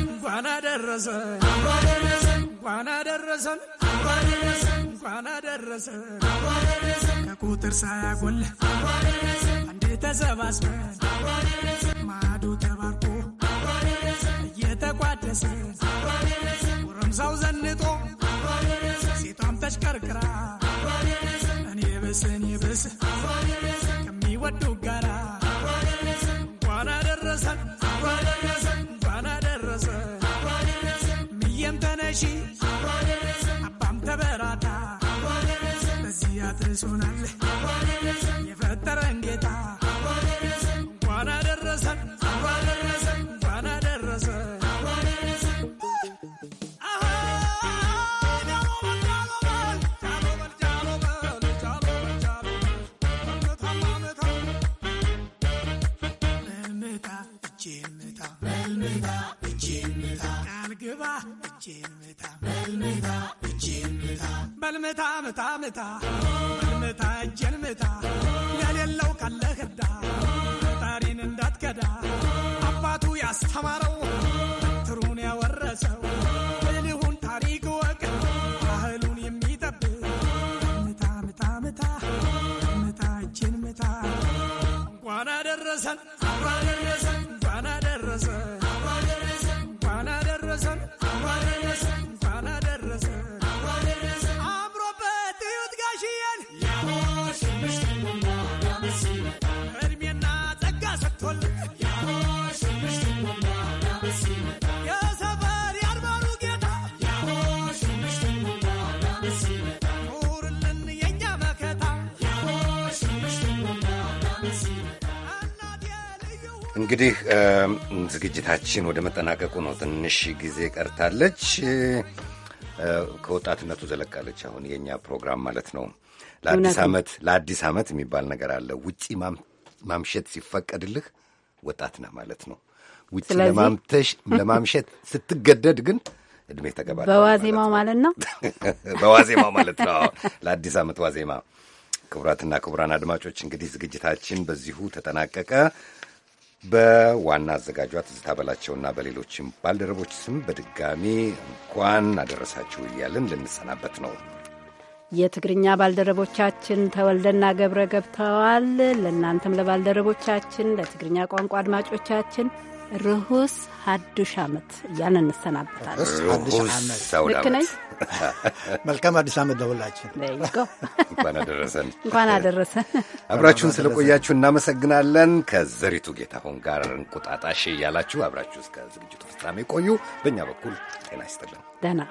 እንኳን አደረሰን እንኳን አደረሰን እንኳን አደረሰን ከቁጥር ሳያጎል አንዴ ተሰባስበን Sonale ግባ እጄን ምታ በልምታ ምታ ምታ በልምታ እጄን ምታ የሌለው ካለ ህዳ ፈጣሪን እንዳትከዳ አባቱ ያስተማረው ትሩን ያወረሰው እንግዲህ ዝግጅታችን ወደ መጠናቀቁ ነው። ትንሽ ጊዜ ቀርታለች። ከወጣትነቱ ዘለቃለች። አሁን የእኛ ፕሮግራም ማለት ነው። ለአዲስ ዓመት ለአዲስ ዓመት የሚባል ነገር አለ። ውጪ ማምሸት ሲፈቀድልህ ወጣት ነህ ማለት ነው። ውጪ ለማምሸት ስትገደድ ግን እድሜ ተገባል። በዋዜማው ማለት ነው። በዋዜማው ማለት ነው። (laughs) ለአዲስ ዓመት ዋዜማ ክቡራትና ክቡራን አድማጮች እንግዲህ ዝግጅታችን በዚሁ ተጠናቀቀ። በዋና አዘጋጇ ትዝታ በላቸውና በሌሎችም ባልደረቦች ስም በድጋሚ እንኳን አደረሳችሁ እያልን ልንሰናበት ነው። የትግርኛ ባልደረቦቻችን ተወልደና ገብረ ገብተዋል። ለእናንተም ለባልደረቦቻችን ለትግርኛ ቋንቋ አድማጮቻችን ርሁስ ሀዱሽ ዓመት እያለ እንሰናበታለን። ልክ ነኝ። (laughs) መልካም አዲስ ዓመት ለሁላችን። (laughs) እንኳን አደረሰን፣ እንኳን አደረሰን። አብራችሁን ስለቆያችሁ እናመሰግናለን። ከዘሪቱ ጌታሁን ጋር እንቁጣጣሽ እያላችሁ አብራችሁ እስከ ዝግጅቱ ፍጻሜ ቆዩ። በእኛ በኩል ጤና ይስጥልን። ደህና